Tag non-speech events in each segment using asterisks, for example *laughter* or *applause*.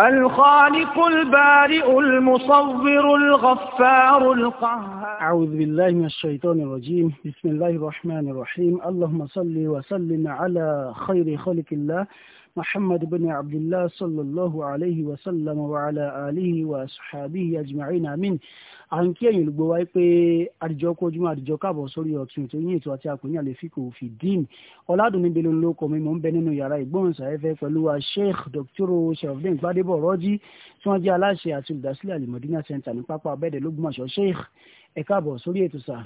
الخالق البارئ المصور الغفار القهار أعوذ بالله من الشيطان الرجيم بسم الله الرحمن الرحيم اللهم صل وسلم على خير خلق الله محمد بن عبد الله صلى الله عليه وسلم وعلى آله وصحابه أجمعين آمين àwọn kí ẹ̀yin olùgbọ́ wáyé pé àdìjọ kó ojúmọ́ àdìjọ káàbọ̀ sórí ọ̀tún tó yín ètò àti àpòyìn àlefíkò fi dín ọ̀làdùnní bẹ́ẹ̀ ló ń lóko mi mò ń bẹ nínú yàrá ìgbóhùnsáfẹ́fẹ́ pẹ̀lú wa sheikh dr sharafdin gbadebo rọ́jí tí wọ́n jẹ́ aláṣẹ àti olùdásílẹ̀ alimọ̀dínà center ní pápá abẹ́ẹ̀dẹ̀ lógúnmọ̀ṣọ́ sheikh ẹ káàbọ̀ sórí ètò sáà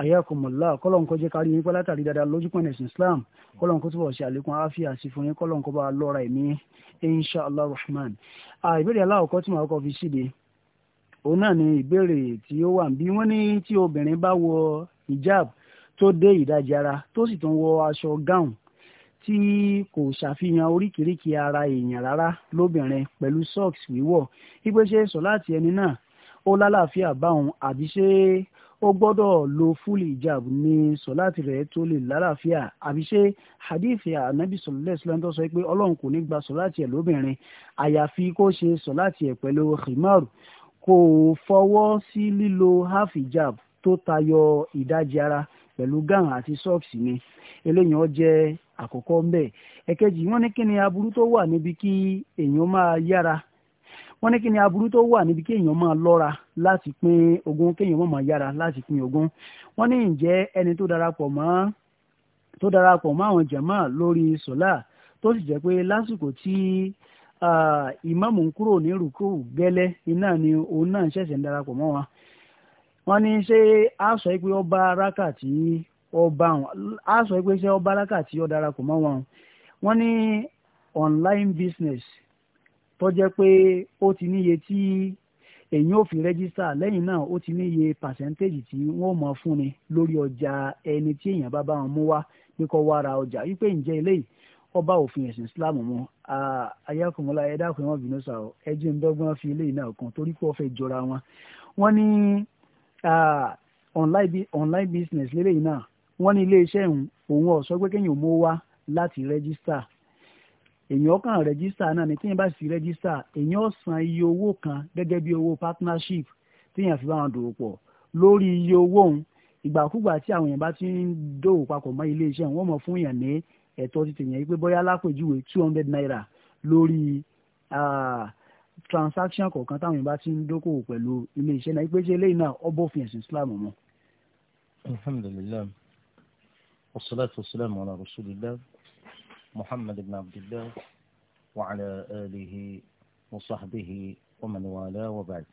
ayakumọ̀lá kọ́lọ́n kọjá kárí yín pẹ́ látàrí dáadáa lójú pẹ̀lú ẹ̀sìn Islam kọ́lọ́n kó túbọ̀ ṣe àlékún àáfíà sí fún yín kọ́lọ́n kó bá lọ́ra ẹ̀mí insha allah rahman. ìbéèrè aláwọ̀kọ́ tí màá kọ́ fi síde òun náà ni ìbéèrè tí ó wà bí wọ́n ní tí obìnrin bá wọ hijab tó dé ìdajì ara tó sì tún wọ aṣọ gown tí kò ṣàfihàn oríkèéríkèé ara èèyàn rárá lóbìnrin pẹ̀lú socks wíwọ̀ ìgbésẹ̀ sọ láti ẹni náà ó lálàáfíà báwọn àbí ṣé ó gbọ́dọ̀ lo fúlì ìjàb ní sọ̀láàtì rẹ̀ tó lè lálàáfíà àbí ṣé hadith anabi sọlẹ̀ sọlẹ̀ tó sọ pé ọlọ́run kò ní gba sọ̀láàtì ẹ̀ lóbìnrin àyàfi kó ṣe sọ̀láàtì ẹ̀ pẹ̀lú khimaru kò fọwọ́ sí lílo half hijab tó tayọ ìdajì ara pẹ̀lú gown àti socks ni eléyìí ó jẹ́ àkọ́kọ́ ń bẹ̀ ẹ̀kejì wọ́n ní kí ni aburú tó wà níbi kí èèyàn máa yára wọ́n ní kí ni aburú tó wà níbi kéèyàn máa lọ́ra láti pin ogun kéèyàn máa máa yára láti pin ogun. wọ́n ní ǹjẹ́ ẹni tó darapọ̀ mọ́ tó darapọ̀ mọ́ àwọn jàmá lórí sọ́lá tó sì jẹ́ pé lásìkò tí ìmáàmù ń kúrò ní rúkú gẹ́lẹ́ iná ni òun náà ṣẹ̀ṣẹ̀ ń darapọ̀ mọ́ wọn wọ́n ní ṣé a sọ pé ọba rákàtí ọba a sọ pé ṣé ọba rákàtí ó darapọ̀ mọ́ wọn wọ́n ní online business tó jẹ́ pé ó ti níye tí èyí ò fi rẹ́gísítà lẹ́yìn náà ó ti níye pàṣẹ́ntéèjì tí wọ́n mọ̀ fún ni lórí ọjà ẹni tí èèyàn bá bá wọn mú wá pé kó wá ra ọjà wípé ǹjẹ́ eléyìí ọba òfin ẹ̀sìn Islam mu ayákùnmọ́lá ẹ̀dá kan wọn bínú sàrọ̀ ẹjẹ́ ń dọ́gbọ́n fi eléyìí náà kan torí pé ó fẹ́ jọra wọn. wọ́n ní online business lélẹ́yìn náà wọ́n ní ilé iṣẹ́ òun ọ̀sọ́ pé kéèyàn mú wá láti rẹ́gísítà èyàn kan rẹ́gísítà náà ni tíyẹn bá sì rẹ́gísítà èyàn san iye owó kan gẹ́gẹ́ bí owó partnership tíyẹn fi bá wọn dòwò pọ̀ lórí iye owó òun ìgbàkúgbà tí àwọn èèyàn bá ti ń dòwò papọ̀ mọ́ ilé iṣẹ́ wọn mọ̀ fún èèyàn ní ẹ̀tọ́ títí yẹn pé bóyá lápèjúwe two hundred naira lórí transaction kọ̀ọ̀kan táwọn èèyàn bá ti ń dókòwò pẹ̀lú ilé iṣẹ́ náà pé ṣe eléyìí náà ọbọ̀ fi ẹ̀sìn Islam mọ́. alhamdulilayi wasalaatu wasalaamu ala rasulillah محمد بن عبد الله وعلى آله وصحبه ومن والاه وبعد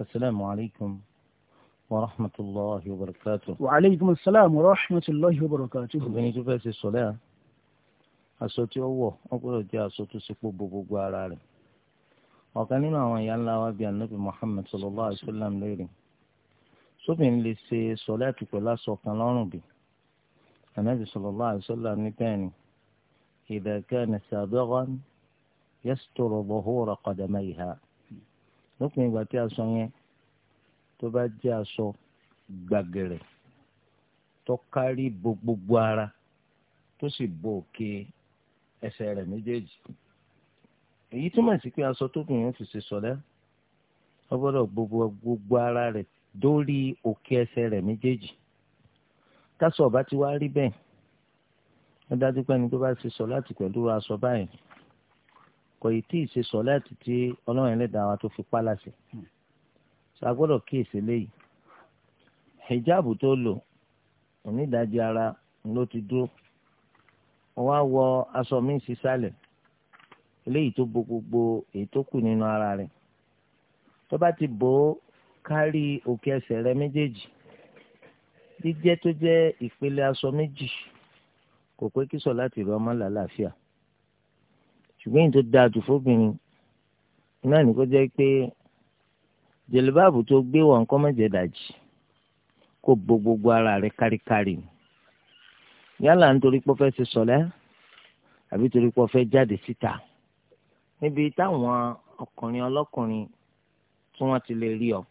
السلام عليكم ورحمة الله وبركاته وعليكم السلام ورحمة الله وبركاته obìnrin tó fẹ́ ṣe sọ́lá aṣọ tí ó wọ̀ wọ́n gbọ́dọ̀ jẹ́ aṣọ tó ṣe gbogbo gbogbo ara rẹ̀ ọ̀kan nínú àwọn ìyá ńlá wa bíi anabi muhammed sallallahu alayhi wa sallam léèrè sóbìnrin lè ṣe sọ́lá àti pẹ̀lú aṣọ kan lọ́rùn bí anabi sallallahu alayhi wa sallam ní bẹ́ẹ̀ ni إذا كان سابغا يستر ظهور قدميها lópin ìgbà tí aṣọ yẹn tó bá jẹ́ aṣọ gbàgẹ̀rẹ̀ tó kárí gbogbo ara tó sì bo òkè ẹsẹ̀ rẹ̀ méjèèjì èyí túmọ̀ sí pé aṣọ tó kùn yẹn fi ṣe sọ̀lẹ́ ó gbọ́dọ̀ gbogbo ara rẹ̀ dórí òkè ẹsẹ̀ rẹ̀ méjèèjì táṣọ ọba ti wá rí bẹ́ẹ̀ ó dájú pé ẹni tó bá ṣe sọ láti pẹ̀lú aṣọ báyìí kò yìí tí ì ṣe sọ láti tí ọlọ́run ẹlẹ́dàá wa tó fi pa láṣẹ kíyèsí léyìí hijab tó lò onídàájí ara ló ti dúró wọ́n á wọ aṣọ míì sísàlẹ̀ eléyìí tó bo gbogbo èyí tó kù nínú ara rẹ̀ tó bá ti bò ó kárí òkè ẹsẹ̀ rẹ̀ méjèèjì jíjẹ́ tó jẹ́ ìpele aṣọ méjì kò pé kí sọ láti rọ ọmọ làlàáfíà ṣùgbọ́n èyí tó dáa jù fóbìnrin náà ní kó jẹ́ pé jẹ̀lẹ́báàbù tó gbé wọ̀ nǹkan mẹ́jẹ̀dàjì kó bo gbogbo ara rẹ̀ káríkárí yálà nítorí pé ó fẹ́ ṣe sọ̀lẹ́ àbí torí pé ó fẹ́ jáde síta níbi táwọn ọkùnrin ọlọ́kùnrin tí wọ́n ti lè rí ọ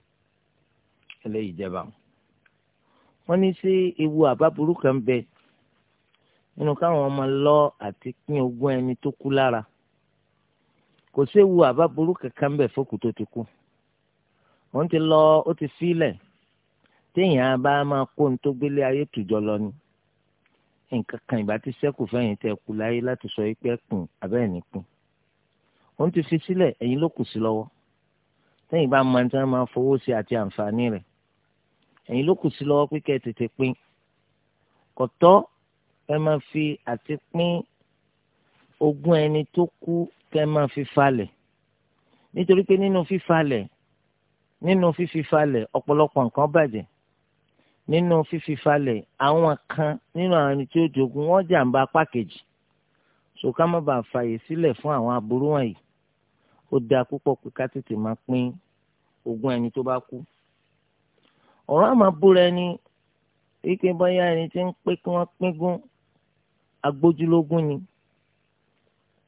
eléyìí jẹba wọn ní sí ewu àbá burúkú kan bẹ́ẹ̀ nínú káwọn ọmọ lọ àti pín ogún ẹni tó kú lára kò séwu àbá burú kankan ń bẹ fókù tó ti kú òun ti lọ ó ti sílẹ̀ téèyàn bá máa kó ní tó gbélé ayé tùjọ lọ ni nǹkan kan ìbá ti ṣẹ́kù fẹ́yìn tẹ́ kú láyé láti sọ pé kùn abẹ́ẹ̀ ní kùn òun ti fi sílẹ̀ ẹ̀yin ló kù sí lọ́wọ́ tẹ́yìn bá máa ń tẹ́ máa fowó sí àti àǹfààní rẹ̀ ẹ̀yin ló kù sí lọ́wọ́ pé kẹ́ ẹ tètè pín kọ̀tọ́ ẹ máa fi àti pín ogún ẹni tó kú kẹ́ máa fi falẹ̀ nítorí pé nínú fífalẹ̀ nínú fífifalẹ̀ ọ̀pọ̀lọpọ̀ nǹkan bàjẹ́ nínú fífifalẹ̀ àwọn kan nínú àwọn ẹni tí ó jogun wọ́n jàǹbá apá kejì ṣòká má bàa fààyè sílẹ̀ fún àwọn aburú wọ̀nyí ó dáa púpọ̀ pé ká tètè máa pín ogún ẹni tó bá kú ọ̀rọ̀ àmọ́ búra ẹni wípé ẹni tí ń pé kí wọ́n pín gún agbójúlógún ni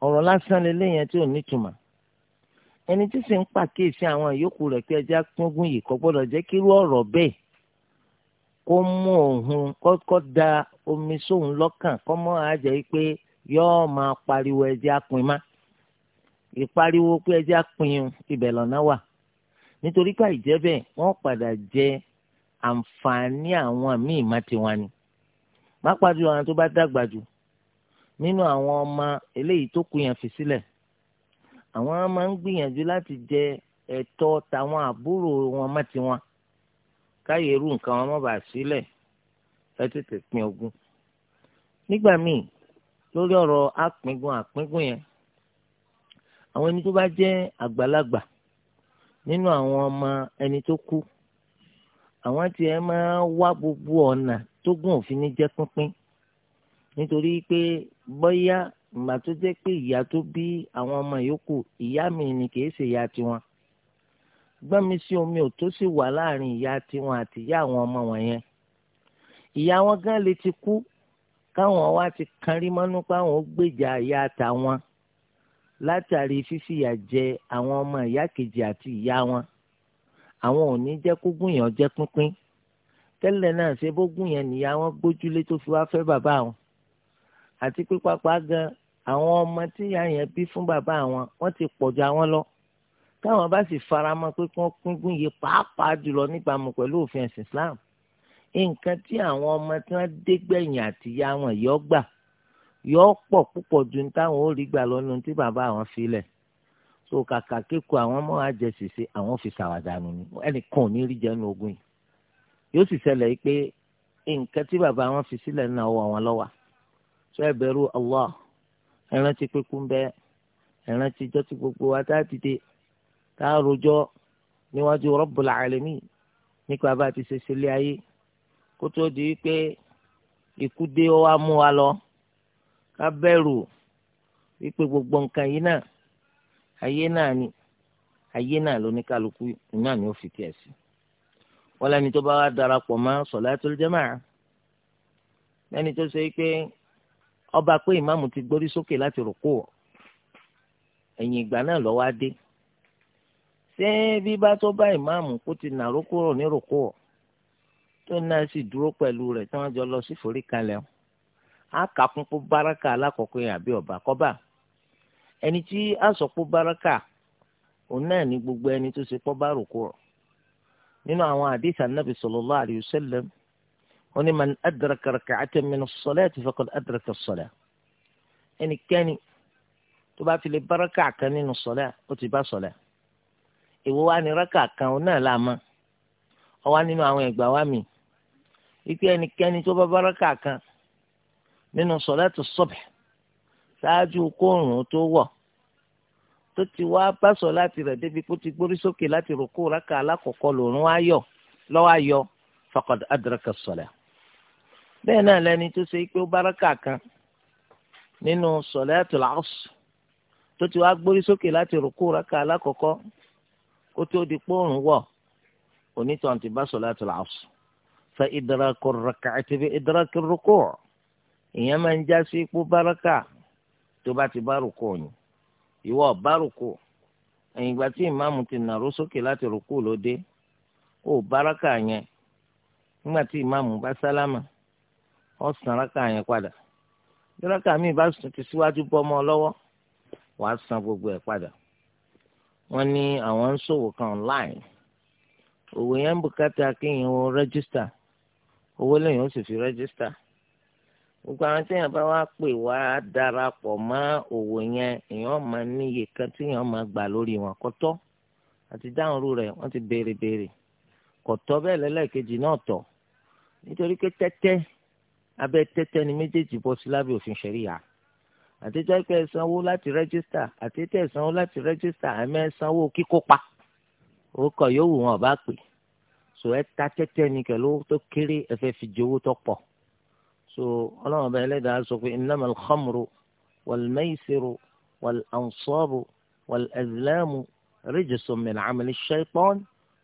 ọ̀rọ̀ lásán lélẹ́ yẹn tí ò nítumọ̀ ẹni tí sì ń pàkíyèsí àwọn ìyókù rẹ̀ pé ẹja pínpín yìí kò gbọ́dọ̀ jẹ́ kírú ọ̀rọ̀ bẹ́ẹ̀ kó mú òun kọ́kọ́ da omi sóun lọ́kàn kọ́ mọ́ àjẹ́ pé yọ́ọ́ máa pariwo ẹja pin má ìpariwo pé ẹja pin ibẹ̀ lọ́nà wà nítorí pé àìjẹ́ bẹ́ẹ̀ wọ́n padà jẹ àǹfààní àwọn míì má tiwọn ni má pàdé ọ̀ràn tó bá dàgbà jù nínú àwọn ọmọ eléyìí tó kù yẹn fi sílẹ̀ àwọn máa ń gbìyànjú láti jẹ ẹ̀tọ́ tàwọn àbúrò wọn mọ́ tiwọn káyé irú nǹkan wọn má bàa sílẹ̀ ẹ tètè pín ogún. nígbà míì lórí ọ̀rọ̀ apíngun àpíngún yẹn àwọn ẹni tó bá jẹ́ àgbàlagbà nínú àwọn ọmọ ẹni tó kú àwọn tiẹ̀ máa wá gbogbo ọ̀nà tó gùn òfin ní jẹ́ pínpín nítorí pé bóyá ìgbà tó jẹ́ pé ìyá tó bí àwọn ọmọ yòókù ìyá mi ni kì í ṣe ìyá tiwọn gbọ́nmi sí omi ò tó sì wà láàrin ìyá tiwọn àti ìyá àwọn ọmọ wọn yẹn ìyá wọn gan lè ti kú káwọn wá ti kanrí mọ́nú páwọn ó gbèjà ìyá àtàwọn látàrí fífìyà jẹ àwọn ọmọ ìyá kejì àti ìyá wọn àwọn ò ní jẹ́ kó gùn yàn jẹ́ pínpín tẹ́lẹ̀ náà ṣe bó gùn yẹn nìyá wọn gbójúlé tó fi wá fẹ́ bàbá wọn àti pípapá gan àwọn ọmọ tí ìyá yẹn bí fún bàbá àwọn wọ́n ti pọ̀jù àwọn lọ táwọn bá sì faramọ́ pé kí wọ́n pínpín yìí pàápàá jùlọ níbàámu pẹ̀lú òfin ẹ̀sìn Islam nǹkan tí àwọn ọmọ tí wọ́n dégbẹ̀yìn àti ìyá wọn yọ gbà yọ pọ̀ púpọ̀ ju táwọn ò rí gbà lọ́nu tí bàbá àwọn filẹ̀ so kàkà kéku àwọn ọmọ àjẹsìsẹ àwọn fi ṣàwàdànù ni ẹnìkan ò ní rí jẹnu ogun yìí yóò sì ṣẹlẹ̀ yìí pé nǹkan tí bàbá wọn fi sílẹ̀ náà wọ àwọn lọ́wọ́ sọ ẹ bẹ̀rù Allah ẹ rántí pípín bẹ́ẹ̀ ẹ rántí jọ́ ti gbogbo wa tá a ti dé tá a rojọ́ níwájú Rabbul Alamin nípa bá a ti ṣe sílé ayé kó tó di pé ikú dé ó wá mú wa lọ ká bẹ̀rù wípé gbogbo nǹkan yìí náà ayé náà ni ayé náà ló ní kálukú náà ni ó fi tiẹ̀ sí wọ́n lẹ́ni tó bá wá darapọ̀ mọ́ sọ̀látul jamaa lẹ́ni tó ṣe pé ọba pé ìmáàmù ti gbórí sókè láti rùkú ẹ̀yìn ìgbà náà ló wá dé ṣé bíbá tó bá ìmáàmù kó ti nàró kúrò ní rùkú tó náà sì dúró pẹ̀lú rẹ̀ tí wọ́n jọ lọ sí foríkalẹ̀ á kà kún pó alákọ̀ọ́kọ́ yẹn àbí ọ̀bà kọ́bà ẹni tí á sọ òun náà ní gbogbo ẹni tó ṣe pọ́ bá rùkú nínú àwọn àdìsí Ànábì sallallahu alaihi wasallam wọ́n ní man adraka rak'atan min as-salati faqad adraka as-salah ẹnikẹ́ni tó bá fi lè bá rákà kan nínú sọlá ó ti bá sọlá ìwọ wa ni rákà kan òun náà láàmú ọ wá nínú àwọn ẹgbàá wa mi wípé ẹnikẹ́ni tó bá bá rákà kan nínú sọlá tó subh ṣáájú kóòrùn tó wọ̀ tó ti wá bá sọlá tirẹ̀ débi kó ti gbórí sókè láti rò kó rákà alákọ̀ọ́kọ́ lòún wá yọ lọ́wọ́ ayọ faqad adraka as bẹ́ẹ̀ náà lẹni tó ṣe pé ó báraka kan nínú sọ̀lẹ́tùl Asr tó ti wá gbórí sókè láti rúkú rákà alákọ̀ọ́kọ́ kó tó di pòórùn wọ̀ onítàn ti bá sọ̀lẹ́tùl Asr fa idraku rak'ati bi idraki rúkú ìyẹn máa ń já sí ipò báraka tó bá ti bá rúkú ìwọ bá rúkú ẹ̀yìn tí ó bá sálámà. ọ san rákà yẹn padà bí rákà míì bá ti síwájú bọ́ ọmọ lọ́wọ́ á san gbogbo ẹ̀ padà wọ́n ní àwọn ń ṣòwò kan online òwò yẹn ń bùkátà kéèyàn ó rẹ́gísítà owó lẹ́yìn ó sì fi rẹ́gísítà gbogbo àwọn tí èèyàn bá wá pè wá darapọ̀ mọ́ òwò yẹn èèyàn máa níye kan tí èèyàn máa gbà lórí wọn kọ́tọ́ àti dáhùnrú rẹ̀ wọ́n ti béèrè béèrè kọ̀tọ́ bẹ́ẹ̀ lẹ́lẹ́kejì náà tọ̀ nítorí pé tẹ́tẹ́ abẹ́ tẹ́tẹ́ ni méjèèjì bọ́ sí lábẹ́ òfin ṣẹ̀ríyà àtẹ́tẹ́ pé ẹ sanwó láti rẹ́gísítà àtẹ́tẹ́ ẹ sanwó láti rẹ́gísítà àmọ́ ẹ sanwó kíkópa orúkọ yòówù wọn ọba pè so ẹ ta tẹ́tẹ́ ni kẹ̀lú tó kéré ẹ fẹ́ fi jowó tó pọ̀ so ọlọ́run ọba ẹlẹ́dàá sọ pé innamal khamru wal maysiru wal ansabu wal azlamu rijsun min amali shaytan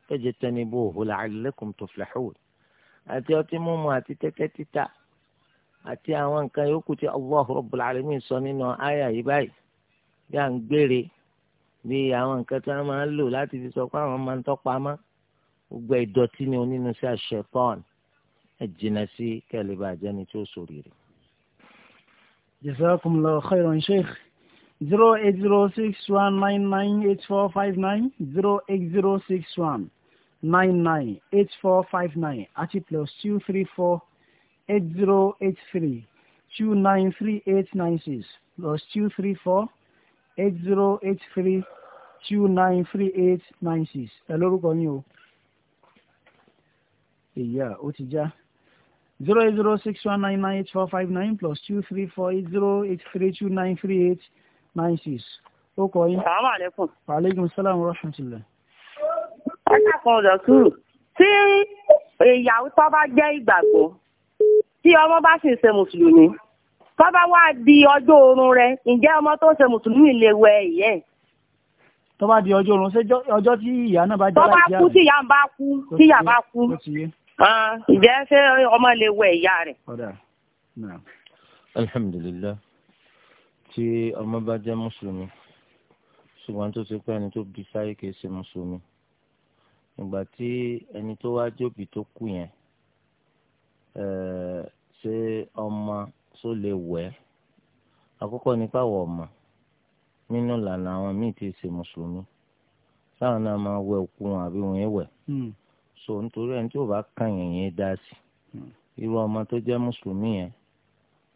fajtanibuhu la'allakum tuflihun àti ọtí mímu àti tẹ́tẹ́ títà àti àwọn nǹkan yòókù tí allah rabbul alamin sọ nínú àyà yìí báyìí bí à ń gbére bí àwọn nǹkan tí wọn máa ń lò láti fi sọ pé àwọn máa ń tọpamọ́ gbogbo ìdọ̀tí ni onínú sí àṣetán ẹ jìnnà sí kẹlẹbà àjẹni tí ó sòrì rẹ. jazakumullahu khairan sheikh zero eight zero six one nine nine eight four five nine zero eight zero six one nine nine eight four five nine ati plus two three four eight zero eight three two nine three eight nine six plus two three four eight zero eight three two nine three eight nine six ẹ lórúkọ yín o èyí à ó ti já zero zero six one nine nine four five nine plus two three four eight zero eight three two nine three eight nine six ó kọ yín. sàmà lẹkùn. aleykum salaam wa rahmatulah. ẹ dàpọ̀ ọ̀dọ̀ kúrò tí ìyàwó tó bá jẹ́ ìgbàgbọ́ tí ọmọ bá sì ń ṣe mùsùlùmí bábá wá di ọjọ́ oorun rẹ̀ ǹjẹ́ ọmọ tó ń ṣe mùsùlùmí lè wẹ ìyẹ́ ẹ̀. tó bá di ọjọ́ oorun ṣé ọjọ́ tí ìyá náà bá jẹ́ láì jẹ́ àná. tó bá kú tí ìyá bá kú tí ìyá bá kú ah, ǹjẹ́ ṣé ọmọ lè wẹ ìyá rẹ̀. alhamdulillah tí ọmọ bá jẹ́ mùsùlùmí ṣùgbọ́n tó ṣe pé ẹni tó bí sáyé kìí ṣe mùsùlùmí ìgbà tí ẹni tó wá jóbi tó kú yẹn ṣé ọmọ tó lè wẹ̀ àkọ́kọ́ nípa wọ̀ ọmọ nínú ìlànà àwọn míì tí ì ṣe mùsùlùmí sáwọn náà máa wẹ̀ òkú wọn àbí wọn wẹ̀ hmm. so nítorí ẹni tí ò bá kàn yẹn yẹn dá sí hmm. irú ọmọ tó jẹ́ mùsùlùmí yẹn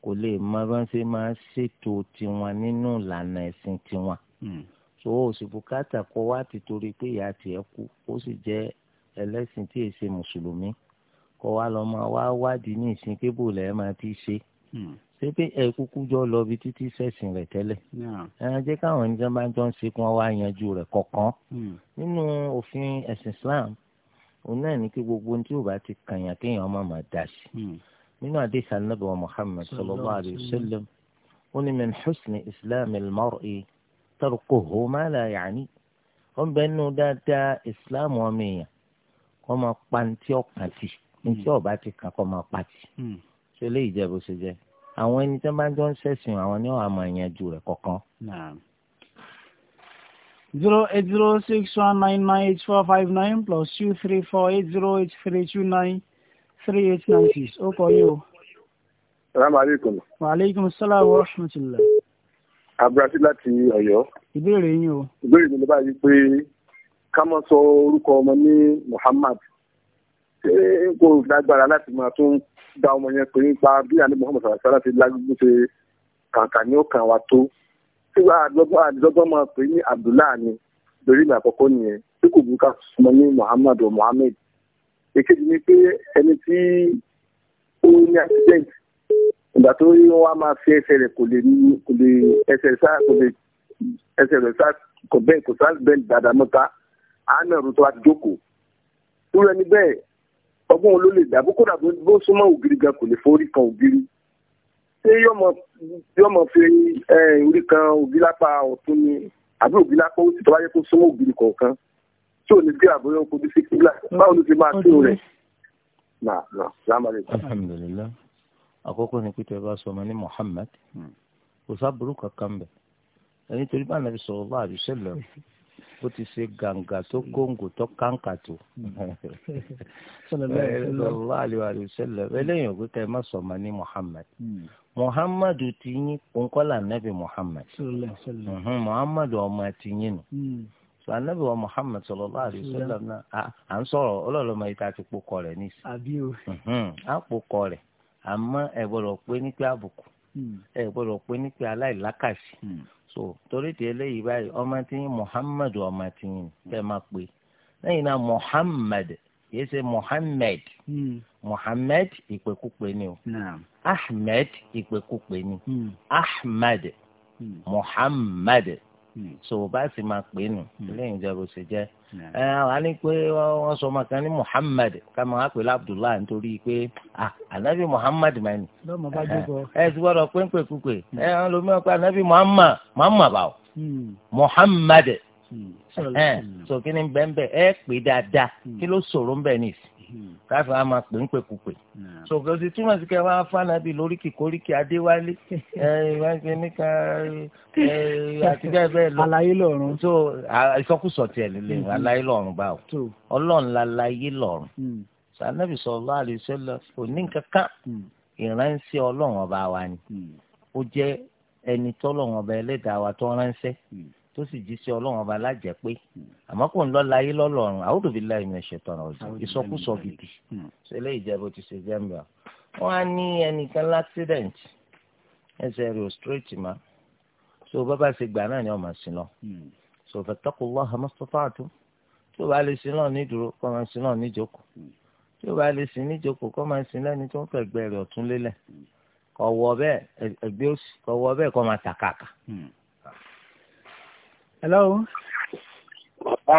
kò lè má bá ń ṣe máa ṣètò tiwọn nínú ìlànà ẹ̀sìn tiwọn hmm. so ó sì bùkátà kó wá ti torí pé ìyá tiẹ̀ kú ó sì jẹ́ ẹlẹ́sìn tí ì mùsùlùmí kó wa lọ máa wá wádìí ní ìsìn kébù lẹ́ẹ̀ máa ti ṣe hmm. ṣé pé ẹ kúkú jọ lọ bí títí sẹ̀sìn rẹ̀ tẹ́lẹ̀ ẹ jẹ́ káwọn ẹni jọba jọ ń ṣe kí wọ́n wá yanjú rẹ̀ kọ̀ọ̀kan hmm. nínú òfin ẹ̀sìn Islam òun náà ní kí gbogbo ohun tí ò bá ti kàyàn kéèyàn má máa dà sí hmm. nínú àdéhùn anábì wa Muhammad sallallahu alayhi wa ó ní min husni islam al-mar'i tarkuhu ma la ya'ni wọ́n bẹ́ẹ̀ dáadáa islam ọmọ èèyàn kọ́ máa pa ní tí ọkàn ti nítorí hmm. ọba ti kàn kọ́ máa pàtì ṣe lè jẹ bó ṣe jẹ àwọn ẹni tí wọn bá jọ ń ṣẹ̀sìn àwọn ni wọn á máa yanjú rẹ̀ kọ̀ọ̀kan. zero eight zero six one nine nine eight four five nine plus two three four eight zero eight three two nine three eight nine six ó kọ yìí o. salaamaleykum. waaleykum salaam wa rahmatulah. abdulrasheed láti Ọ̀yọ́. ìbéèrè yín o. ìbéèrè mi ni báyìí pé ká mọ̀ sọ orúkọ ọmọ ní Muhammad ṣé kò lágbára láti máa tún dá ọmọ yẹn pé nípa bí àní Muhammad sallallahu alaihi wasallam ti lágbègbè ṣe kàǹkà ní ó kàn wá tó sígbà àdìdọ́gbọ́n máa pè ní Abdullah ni lórí ìgbà àkọ́kọ́ nìyẹn tí kò bùkà sọmọ ní Muhammad o Muhammad èkejì ni pé ẹni tí ó ní accident ìgbà tó rí wọn á máa fi ẹsẹ̀ rẹ̀ kò lè ẹsẹ̀ rẹ̀ sáà kò lè ẹsẹ̀ rẹ̀ sáà kò bẹ́ẹ̀ kò sáà bẹ́ẹ̀ dáadáa mọ́ta àánà rútọ́ àti jókòó. túrẹ́ni bẹ́ẹ̀ ọgbọ́n ló lè dà bó kódà bó súnmọ́ ògiri gan kò lè forí kan ògiri ṣé yóò mọ̀ fi orí kan ògiri lápá ọ̀tún ni àbí ògiri lápá òsì tó bá yẹ kó súnmọ́ ògiri kọ̀ọ̀kan tí ò ní gbé àbúrò kojú sí kíbla báwo ló ti máa tó rẹ̀ nà nà lámàlè. alhamdulilayi àkọ́kọ́ ni pété bá sọ ọmọ ní Muhammad hmm. kò sábúrú kankan bẹ̀ ẹni torí bá nàbí sọ̀rọ̀ bá àbí sẹ́lẹ̀ ó ti ṣe gàǹgà tó mm. kóńgò tó káǹkà tó. *laughs* sallallahu alaihi wasallam mm. eléyìí ò kíkẹ́ má sọ ma ní muhammed. Mm. muhammed ti yín ònkọ́lá nabi muhammed. muhammed ọmọ ti yín nù. anabi wa muhammed sallallahu alaihi wasallam na à ń ọlọ́ọ̀lọ́mọ yìí àbí o. Mhm, a pé ní pé àbùkù pé ní pé aláìlákàsí. so torí ti eléyìí báyìí ọmọ tí ń muhammadu ọmọ tí ń fẹ́ máa pè lẹ́yìn náà muhammad kìí ṣe muhammed hmm. muhammed ìpèkúpè ni o ahmed ìpèkúpè ni hmm. ahmed hmm. muhammad Hmm. so bá sì máa pè nù hmm. lẹ́yìn ìjọba ó ṣe jẹ́ ẹ wà ní pé wọ́n sọ ọmọ kan ní Muhammad ká máa pè lábdullah nítorí pé ànábì Muhammad máa nì ẹ ti gbọ́dọ̀ pẹ́ńpẹ́kúpẹ́ ẹ wọn lomi ọ̀pẹ ànábì Muhammad Muhammad báwò hmm. Muhammad ẹ sọ kí ni bẹ́ẹ̀ bẹ́ẹ̀ ẹ pè dáadáa kí ló sọ̀rọ̀ ń bẹ̀ nìyí káfíń á máa pè ń pèkúpè ṣòkè sí túmọ̀ sí kẹ́ wá fànàbí lóríkì kóríkì adéwálé àti bẹ́ẹ̀ bẹ́ẹ̀ lọ. alayé lọ́run. so ìsọkúsọ tiẹ̀ nílé mm-hmm. alayé lọ́run báwo ọlọ́run la alayé lọ́run mm. sànàbì sallallahu alaihi wasallam òní kankan mm. ìránṣẹ́ ọlọ́run ọba wa ni mm. ó jẹ́ ẹni tọ́lọ́run ọba ẹlẹ́dàá wa tó ránṣẹ́ tó sì jí sí ọlọ́run ọba lájẹ́ pé àmọ́ kò ń lọ láyé lọ́lọ́run a'udhu billahi minash shaitanir rajim ìsọkúsọ gidi hmm. ṣe lè jẹ́ bó ti ṣe jẹ́ ń bẹ̀ wọ́n á ní ẹnìkan l'accident ẹsẹ̀ rẹ̀ ò straight ma so bàbá ṣe gbà náà ni ọmọ sí lọ hmm. so fattaqullaha mastata'tum tí o bá lè sin náà ní dúró kọ́ máa sin náà ní jókòó hmm. tí o bá lè sin ní jókòó kọ́ máa sin lẹ́ni tó ń fẹ̀gbẹ́ rẹ̀ ọ̀tún lélẹ̀ kọ̀ wọ́ bẹ́ẹ̀ ẹgbẹ́ òsì kọ̀ wọ́ bẹ́ẹ̀ kọ́ máa tàkàkà hello. wa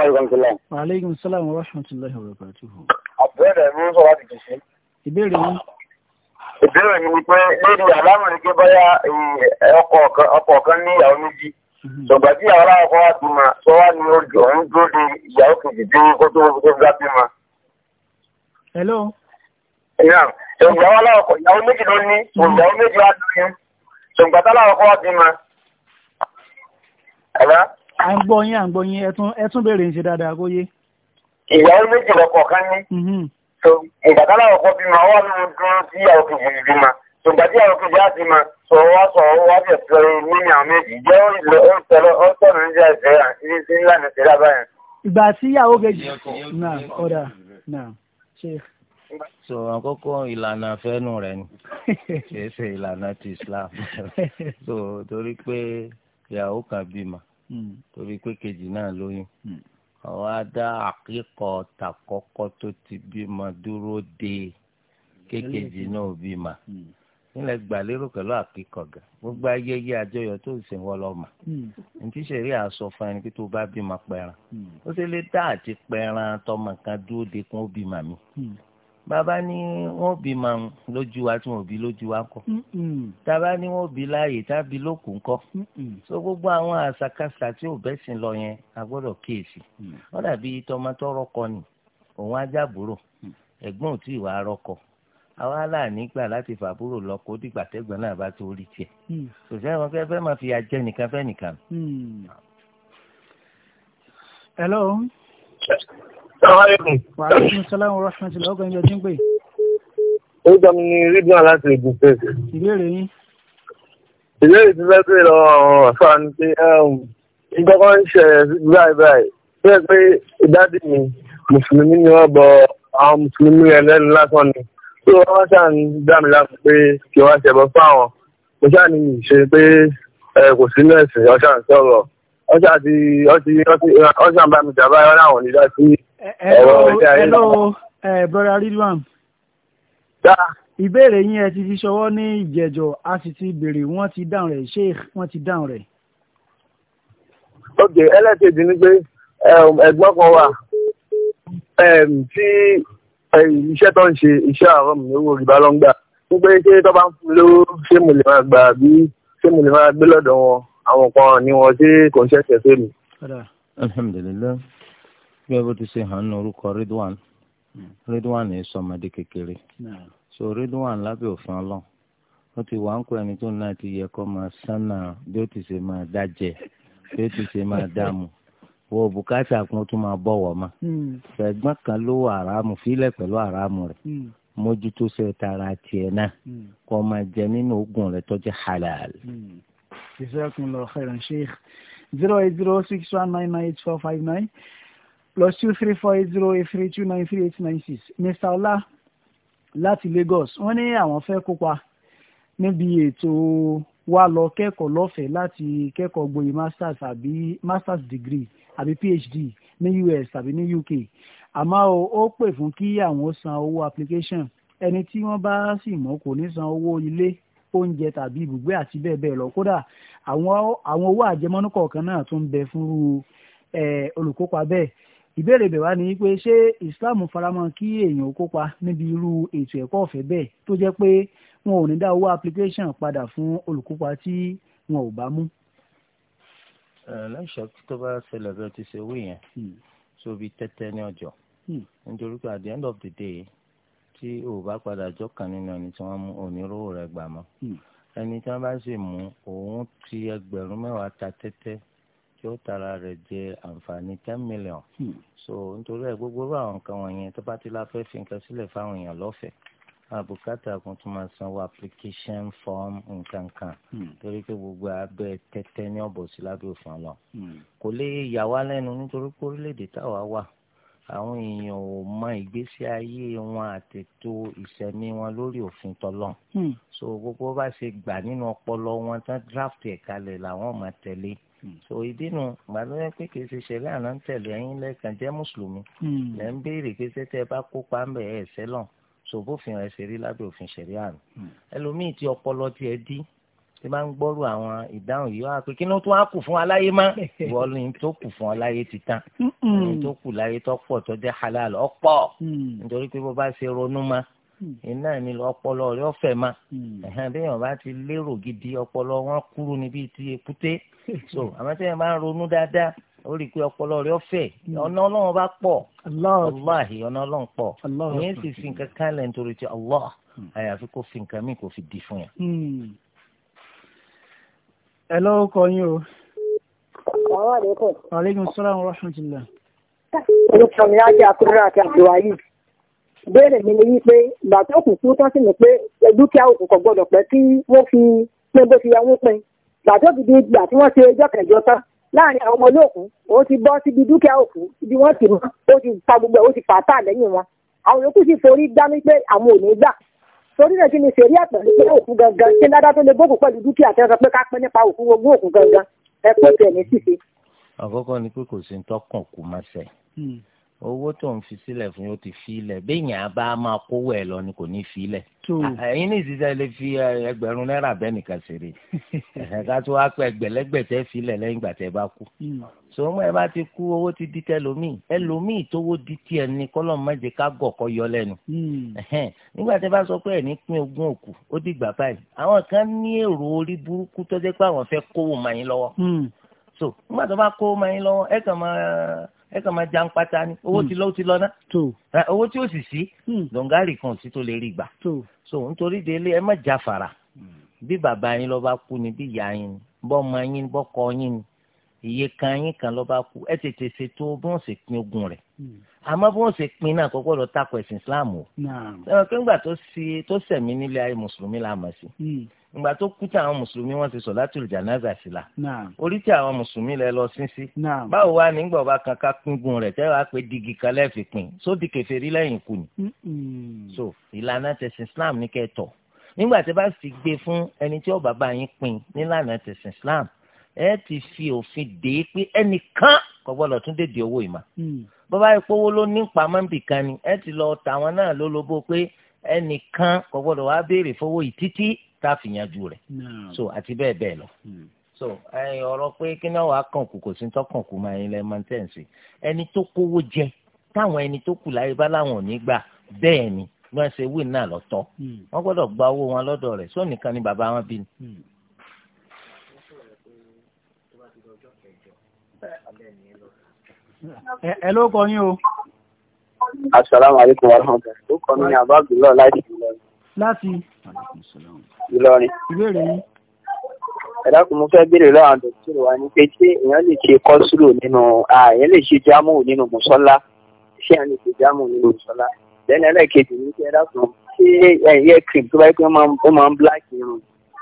aleykum salaam wa rahmatulahi wa barakatuhu. àbúrẹ́dẹ̀ ló ń sọ láti jù sí. ìbéèrè yín. ìbéèrè mi ni pé lórí alámọ̀rin pé báyà ọkọ kan ní ìyàwó méjì mhm. ṣùgbọ́n tí ìyàwó aláwọ̀kọ́ wá bímọ tó wá ní òun dúró de ìyàwó kejì dé kó tó kó tó bímọ. hello. ìyàwó aláwọ̀kọ́ ìyàwó méjì ló ní mhm. ìyàwó méjì wá dúró yẹn ṣùgbọ́n tí à ń gbọ́ yín à ń gbọ́ yín ẹtún ẹtún béèrè ń ṣe dáadáa kó yé. ìyàwó méjì lọkọ kan ní. Mhm. so ìgbàdá làwọn ọkọ bímọ ọwọ́ mi ń dúró sí àwọn kejì bímọ so gbàdí àwọn kejì á bímọ sọ wá sọ wá fẹ̀ fẹ́ lóyún àwọn méjì jẹ́ ó lọ ó tẹ̀lé ó tẹ̀lé ní ẹ̀fẹ́ ní sí ńlànà sí lábá yẹn. ìgbà tí ìyàwó kejì náà ọ̀dà náà ṣe. so àkọ́kọ́ ìlànà àfẹ́nu rẹ̀ ni *laughs* kì í ṣe ìlànà ti Islam so torí pé ìyàwó kan bímọ. Hmm. torí pé kejì náà lóyún hmm. àwọn á dá àkíkọ tàkọ́kọ́ tó ti bímọ dúró de kékejì náà bímọ hmm. nílẹ̀ gbàlérò pẹ̀lú àkíkọ̀gà gbogbo ayẹyẹ àjọyọ̀ tó sì ń wọ́ lọ́mà ntí sẹ̀rí àsọ fún ẹni pé tó bá bímọ pẹran ó sì lè dá àti pẹran tọmọ kan dúró de kún ó bímọ mi bàbá ní wọn bí màá lójú wa tí wọn bí lójú wa kọ tàbá ní wọn bí láàyè tàbí lókun kọ so gbogbo àwọn àṣàkáṣà tí ò bẹ́sìn lọ yẹn a gbọ́dọ̀ kíyèsí wọn mm. dàbí tọmọtọrọ kọ ni òun ajábúrò mm. ẹ̀gbọ́n ò tí ì wá rọkọ àwa aláàní gbà láti fàbúrò lọkọ ó dìgbà tẹ́gbọ́n náà bá tó rí tiẹ̀ sòsẹ́ wọn fẹ́ fẹ́ máa fi ajẹ́ nìkan fẹ́ nìkan. Mm. hello. Orúkọ um, Mùsùlùmí ni wọ́n bọ àwọn Mùsùlùmí rẹ̀ lásán ni. Tí wọ́n wá ṣáà ń dá mi láti pé kí wọ́n ṣẹbọ fún àwọn. Mo ṣáà ní ìṣe pé kò sí nẹ́ẹ̀sì ọ̀ṣà ń sọ̀rọ̀. Ọ̀ṣà ti ọ̀ṣà ń bá mi jà báyọ̀ láwọn onídàá sí hello hello, brother Ridwan ìbéèrè yín ẹ ti fi ṣọwọ́ ní ìjẹ́jọ́ a sì ti béèrè wọ́n ti dáhùn rẹ̀ ṣé wọ́n ti dáhùn rẹ̀. ok ẹlẹ́kejì ni pé um, ẹ̀gbọ́n kan wà um, tí um, iṣẹ́ tó ń ṣe iṣẹ́ àwọn mi owó rìbá ló ń gbà ń pé ṣé tó bá ń fún lówó ṣé mo lè máa gbà bí ṣé mo lè máa gbé lọ́dọ̀ wọn àwọn kan ni wọn ṣé kò ń ṣẹ̀ṣẹ̀ fẹ́ mi. alhamdulilayi bí ẹbí ti ṣe hàn ní orúkọ ridwan hmm. ridwan yìí sọ ọmọdé kékeré hmm. so ridwan lábẹ́ òfin ọlọ́run ó ti wà ń kó ẹni tó náà ti yẹ kó máa sánà bí ó ti ṣe máa dájẹ bí ó ti ṣe máa dààmú wo bùkátà kún tó máa bọ̀wọ̀ ma hmm. ẹ̀gbọ́n kan ló wà àràmù fílẹ̀ pẹ̀lú àràmù rẹ̀ mójútó ṣe tara tiẹ̀ náà kó máa jẹ nínú oògùn rẹ̀ tó jẹ́ halal. jazakumullahu khairan sheikh zero eight zero six one nine nine eight four five nine plus two three four eight zero eight three two nine three eight nine six mr ọlá láti Lagos wọ́n ní àwọn fẹ́ kópa níbi ètò wa lọ kẹ́kọ̀ọ́ lọ́fẹ̀ẹ́ láti kẹ́kọ̀ọ́ gboyè masters àbí masters degree àbí phd ní US àbí ní UK àmọ́ ó pè fún kí àwọn san owó application ẹni tí wọ́n bá sì mọ̀ kò ní san owó ilé oúnjẹ tàbí ibùgbé àti bẹ́ẹ̀ bẹ́ẹ̀ lọ kódà àwọn owó àjẹmọ́nú kọ̀ọ̀kan náà tún ń bẹ fún eh, olùkópa bẹ́ẹ̀ ìbéèrè bẹ̀ wá ni pé ṣé islam faramọ́ kí èèyàn kópa níbi irú ètò ẹ̀kọ́ ọ̀fẹ́ bẹ́ẹ̀ tó jẹ́ pé wọn ò ní dá owó application padà fún olùkópa tí wọn ò bá mú. aláìsàn tó bá ṣẹlẹ̀ bẹ́ẹ̀ ti ṣe wí yẹn hmm. sóbi tẹ́tẹ́ ní ọjọ́ hmm. nítorí pé at the end of the day tí o bá padà jọ kàn nínú ẹni tí wọ́n mú onírúurú rẹ̀ gbà mọ́ hmm. ẹni tí wọ́n bá sì mú òun ti ẹgbẹ̀rún mẹ́wàá ta tẹ́tẹ́ tí ó tara rẹ̀ jẹ àǹfààní ten million hmm. so nítorí ẹ̀ gbogbo àwọn nǹkan wọ̀nyẹn tó bá ti la fẹ́ fi nǹkan sílẹ̀ fáwọn èèyàn lọ́fẹ̀ẹ́ àbùkátà kan tó máa sanwó application form nǹkan kan hmm. torí pé gbogbo abẹ́ tẹ́tẹ́ ní ọ̀bọ̀sí lábẹ́ òfin ọ̀la hmm. kò lè yà wá lẹ́nu nítorí pé orílẹ̀ táwa wà àwọn èèyàn ò mọ ìgbésí ayé wọn àtètò ìṣẹ̀mí wọn lórí òfin tọ́lọ̀ hmm. so gbogbo bá ṣe gbà nínú ọpọlọ wọn tán draft ẹ̀ kalẹ̀ làwọn máa tẹ̀lé hmm. so ìdínú gbàdúrà pé kì í ṣe ṣẹlẹ̀ àná ń tẹ̀lé ẹ̀yin lẹ́ẹ̀kan jẹ́ mùsùlùmí hmm. lẹ́ ń béèrè pé tẹ́tẹ́ bá kópa ń bẹ̀ ẹ̀ sẹ́lọ̀n so bófin rẹ̀ ṣe rí lábẹ́ òfin ṣẹ̀rí àná ẹlòmíì tí ọpọlọ tiẹ̀ dí tí bá ń gbọ́rù àwọn ìdáhùn yìí wá pé kí ló tún á kù fún aláyé má *laughs* ìwọ ni tó kù fún aláyé ti tán tó kù láyé tó tó jẹ́ halal ọ̀pọ̀ mm. nítorí pé bó bá ṣe ronú ma mm. iná ni ọpọlọ rẹ ọfẹ ma mm. béèyàn bá ti lérò gidi ọpọlọ wọn kúrú níbi tí èkúté *laughs* so àmọ́ tí wọn ń ronú dáadáa ó rí i pé ọpọlọ rẹ ọfẹ ọ̀nà ọlọ́run bá pọ̀ aláàhì ọ̀nà ọlọ́run pọ̀ ìyẹn sì fi nǹkan kan lẹ̀ nítorí ti allah àyàfi kó fi nǹkan míì kó fi di fún yẹn ẹ lọ́wọ́ kọ yín o. àwọn àlékún. aleykum salaam wa rahmatulah. orúkọ mi á jẹ́ akúrò àti àdùwáyé béèrè mi ni wípé bàtà òkùnkùn tán sì ní pé dúkìá òkùnkùn gbọ́dọ̀ pẹ́ kí wọ́n fi pé bó ti yẹ wọ́n pin bàtà òkùnkùn di ìgbà tí wọ́n ṣe ẹjọ́ kẹjọ tán láàrin àwọn ọmọ olóòkùn ó ti bọ́ síbi dúkìá òkú ibi wọ́n ti mọ́ ó ti pa gbogbo ẹ̀ ó ti fà á tà lẹ́yìn wọn àwọn yòókù sì forí dá pé àwọn ò ní gbà torí náà kí ni ṣèrí àpẹẹrẹ pé òkú gangan ṣé ládá tó lè gbókùn pẹ̀lú dúkìá tẹ́ sọ pé ká pín nípa òkú ogún òkú gangan ẹ pé tẹ̀ ní ṣìṣe. àkọ́kọ́ ni pé kò sí tọkàn kù máa ṣe hmm owó tó ń fi sílẹ̀ fún yóò ti fi ilẹ̀ béèyàn á bá máa kówó ẹ̀ lọ ni kò ní fi ilẹ̀. ẹ̀yin ní ìsísẹ́ lè fi ẹgbẹ̀rún náírà bẹ́ẹ̀ nìkan ṣeré *laughs* ẹ̀ka tó wá pẹ́ gbẹ̀lẹ́gbẹ̀tẹ́ filẹ̀ lẹ́yìn ìgbà tẹ́ bá kú. Hmm. sòmú ẹ bá ti kú owó ti di tẹlómìn ẹlòmíì tówó di tiẹ̀ ni kọ́lọ́ mẹ́jẹ ká gọ̀ kọ́ yọ lẹ́nu. Hmm. nígbà tẹ́ bá sọ pé ẹ̀ní pín ogún òkú ó dìgbà báyìí àwọn kan ní hmm. so nígbà tó bá kówó màá yín ẹ kàn máa jan pátá ni owó hmm. ti lọ ó ti lọ ná owó tí ó sì sí dọ̀ngárì hmm. kan sí tó lè rí gbà so nítorí délé ẹ má jáfara hmm. bí bàbá yín lọ bá kú ni bí ìyá yín ni bọ́ ọmọ yín ni bọ́kọ yín ni iye kan yín kan lọ bá kú ẹ tètè ṣètò bí wọ́n ṣe pín ogún rẹ̀ àmọ́ bí wọ́n ṣe pín náà kò gbọ́dọ̀ takò ẹ̀sìn Islam o ẹ̀rọ kí ńgbà tó ṣe nílé ayé mùsùlùmí la mọ̀ sí ìgbà tó kú tí àwọn mùsùlùmí wọ́n ti sọ láti rìjà náà sí la orí tí àwọn mùsùlùmí lẹ lọ sí sí báwo wá nígbà ọba kankan píngun rẹ̀ tẹ́ wàá pé digi kan lẹ́ẹ̀fì pin sódì kèfèrí lẹ́yìn kù ni so ìlànà tẹ̀sìn Islam ní kẹ́tọ̀ nígbà tí bá sì gbé fún ẹni tí ọba bá yín pin nílànà tẹ̀sìn Islam ẹ ti fi òfin dè é pé ẹnìkan kò gbọ́dọ̀ tún dèdè owó ìmọ̀ mm. bọ́bá ìpowó ló ní pamọ́ǹbì kan ni ẹ ti lọ tàwọn náà lólobó pé ẹnìkan kò gbọ́dọ̀ wá béèrè fowó yìí tá a fi yanjú rẹ̀ so àti bẹ́ẹ̀ bẹ́ẹ̀ lọ hmm. so ọ̀rọ̀ pé kí náà wàá kàn kù kò sí tọkàn kù máa yín lẹ́ẹ̀ máa ń tẹ̀sí ẹni tó kówó jẹ táwọn ẹni tó kù láyé bá láwọn ò ní gbà bẹ́ẹ̀ ni bí wọ́n ṣe wíìn náà lọ́tọ́ hmm. wọ́n gbọ́dọ̀ gba owó wọn lọ́dọ̀ rẹ̀ sóò nìkan ni bàbá wọn bí hmm. ẹ ló kọ yín o. asalaamualeykum wa rahmatulah. ó kọ́ ní abá láti. láti. Ìlọrin. Ìbéèrè yín. Ẹ̀dá kò mú fẹ́ béèrè lọ́wọ́ àwọn dọ̀tíìrì wa ni pé tí èèyàn lè ṣe kọ́sùrù nínú èèyàn lè ṣe jámù nínú mùsọ́lá ṣé èèyàn lè ṣe jámù nínú mùsọ́lá. Lẹ́nu ẹlẹ́ẹ̀kejì ní kí ẹ̀dá kan ṣé ẹ̀yẹ cream tó bá yẹ kí wọ́n máa ń black irun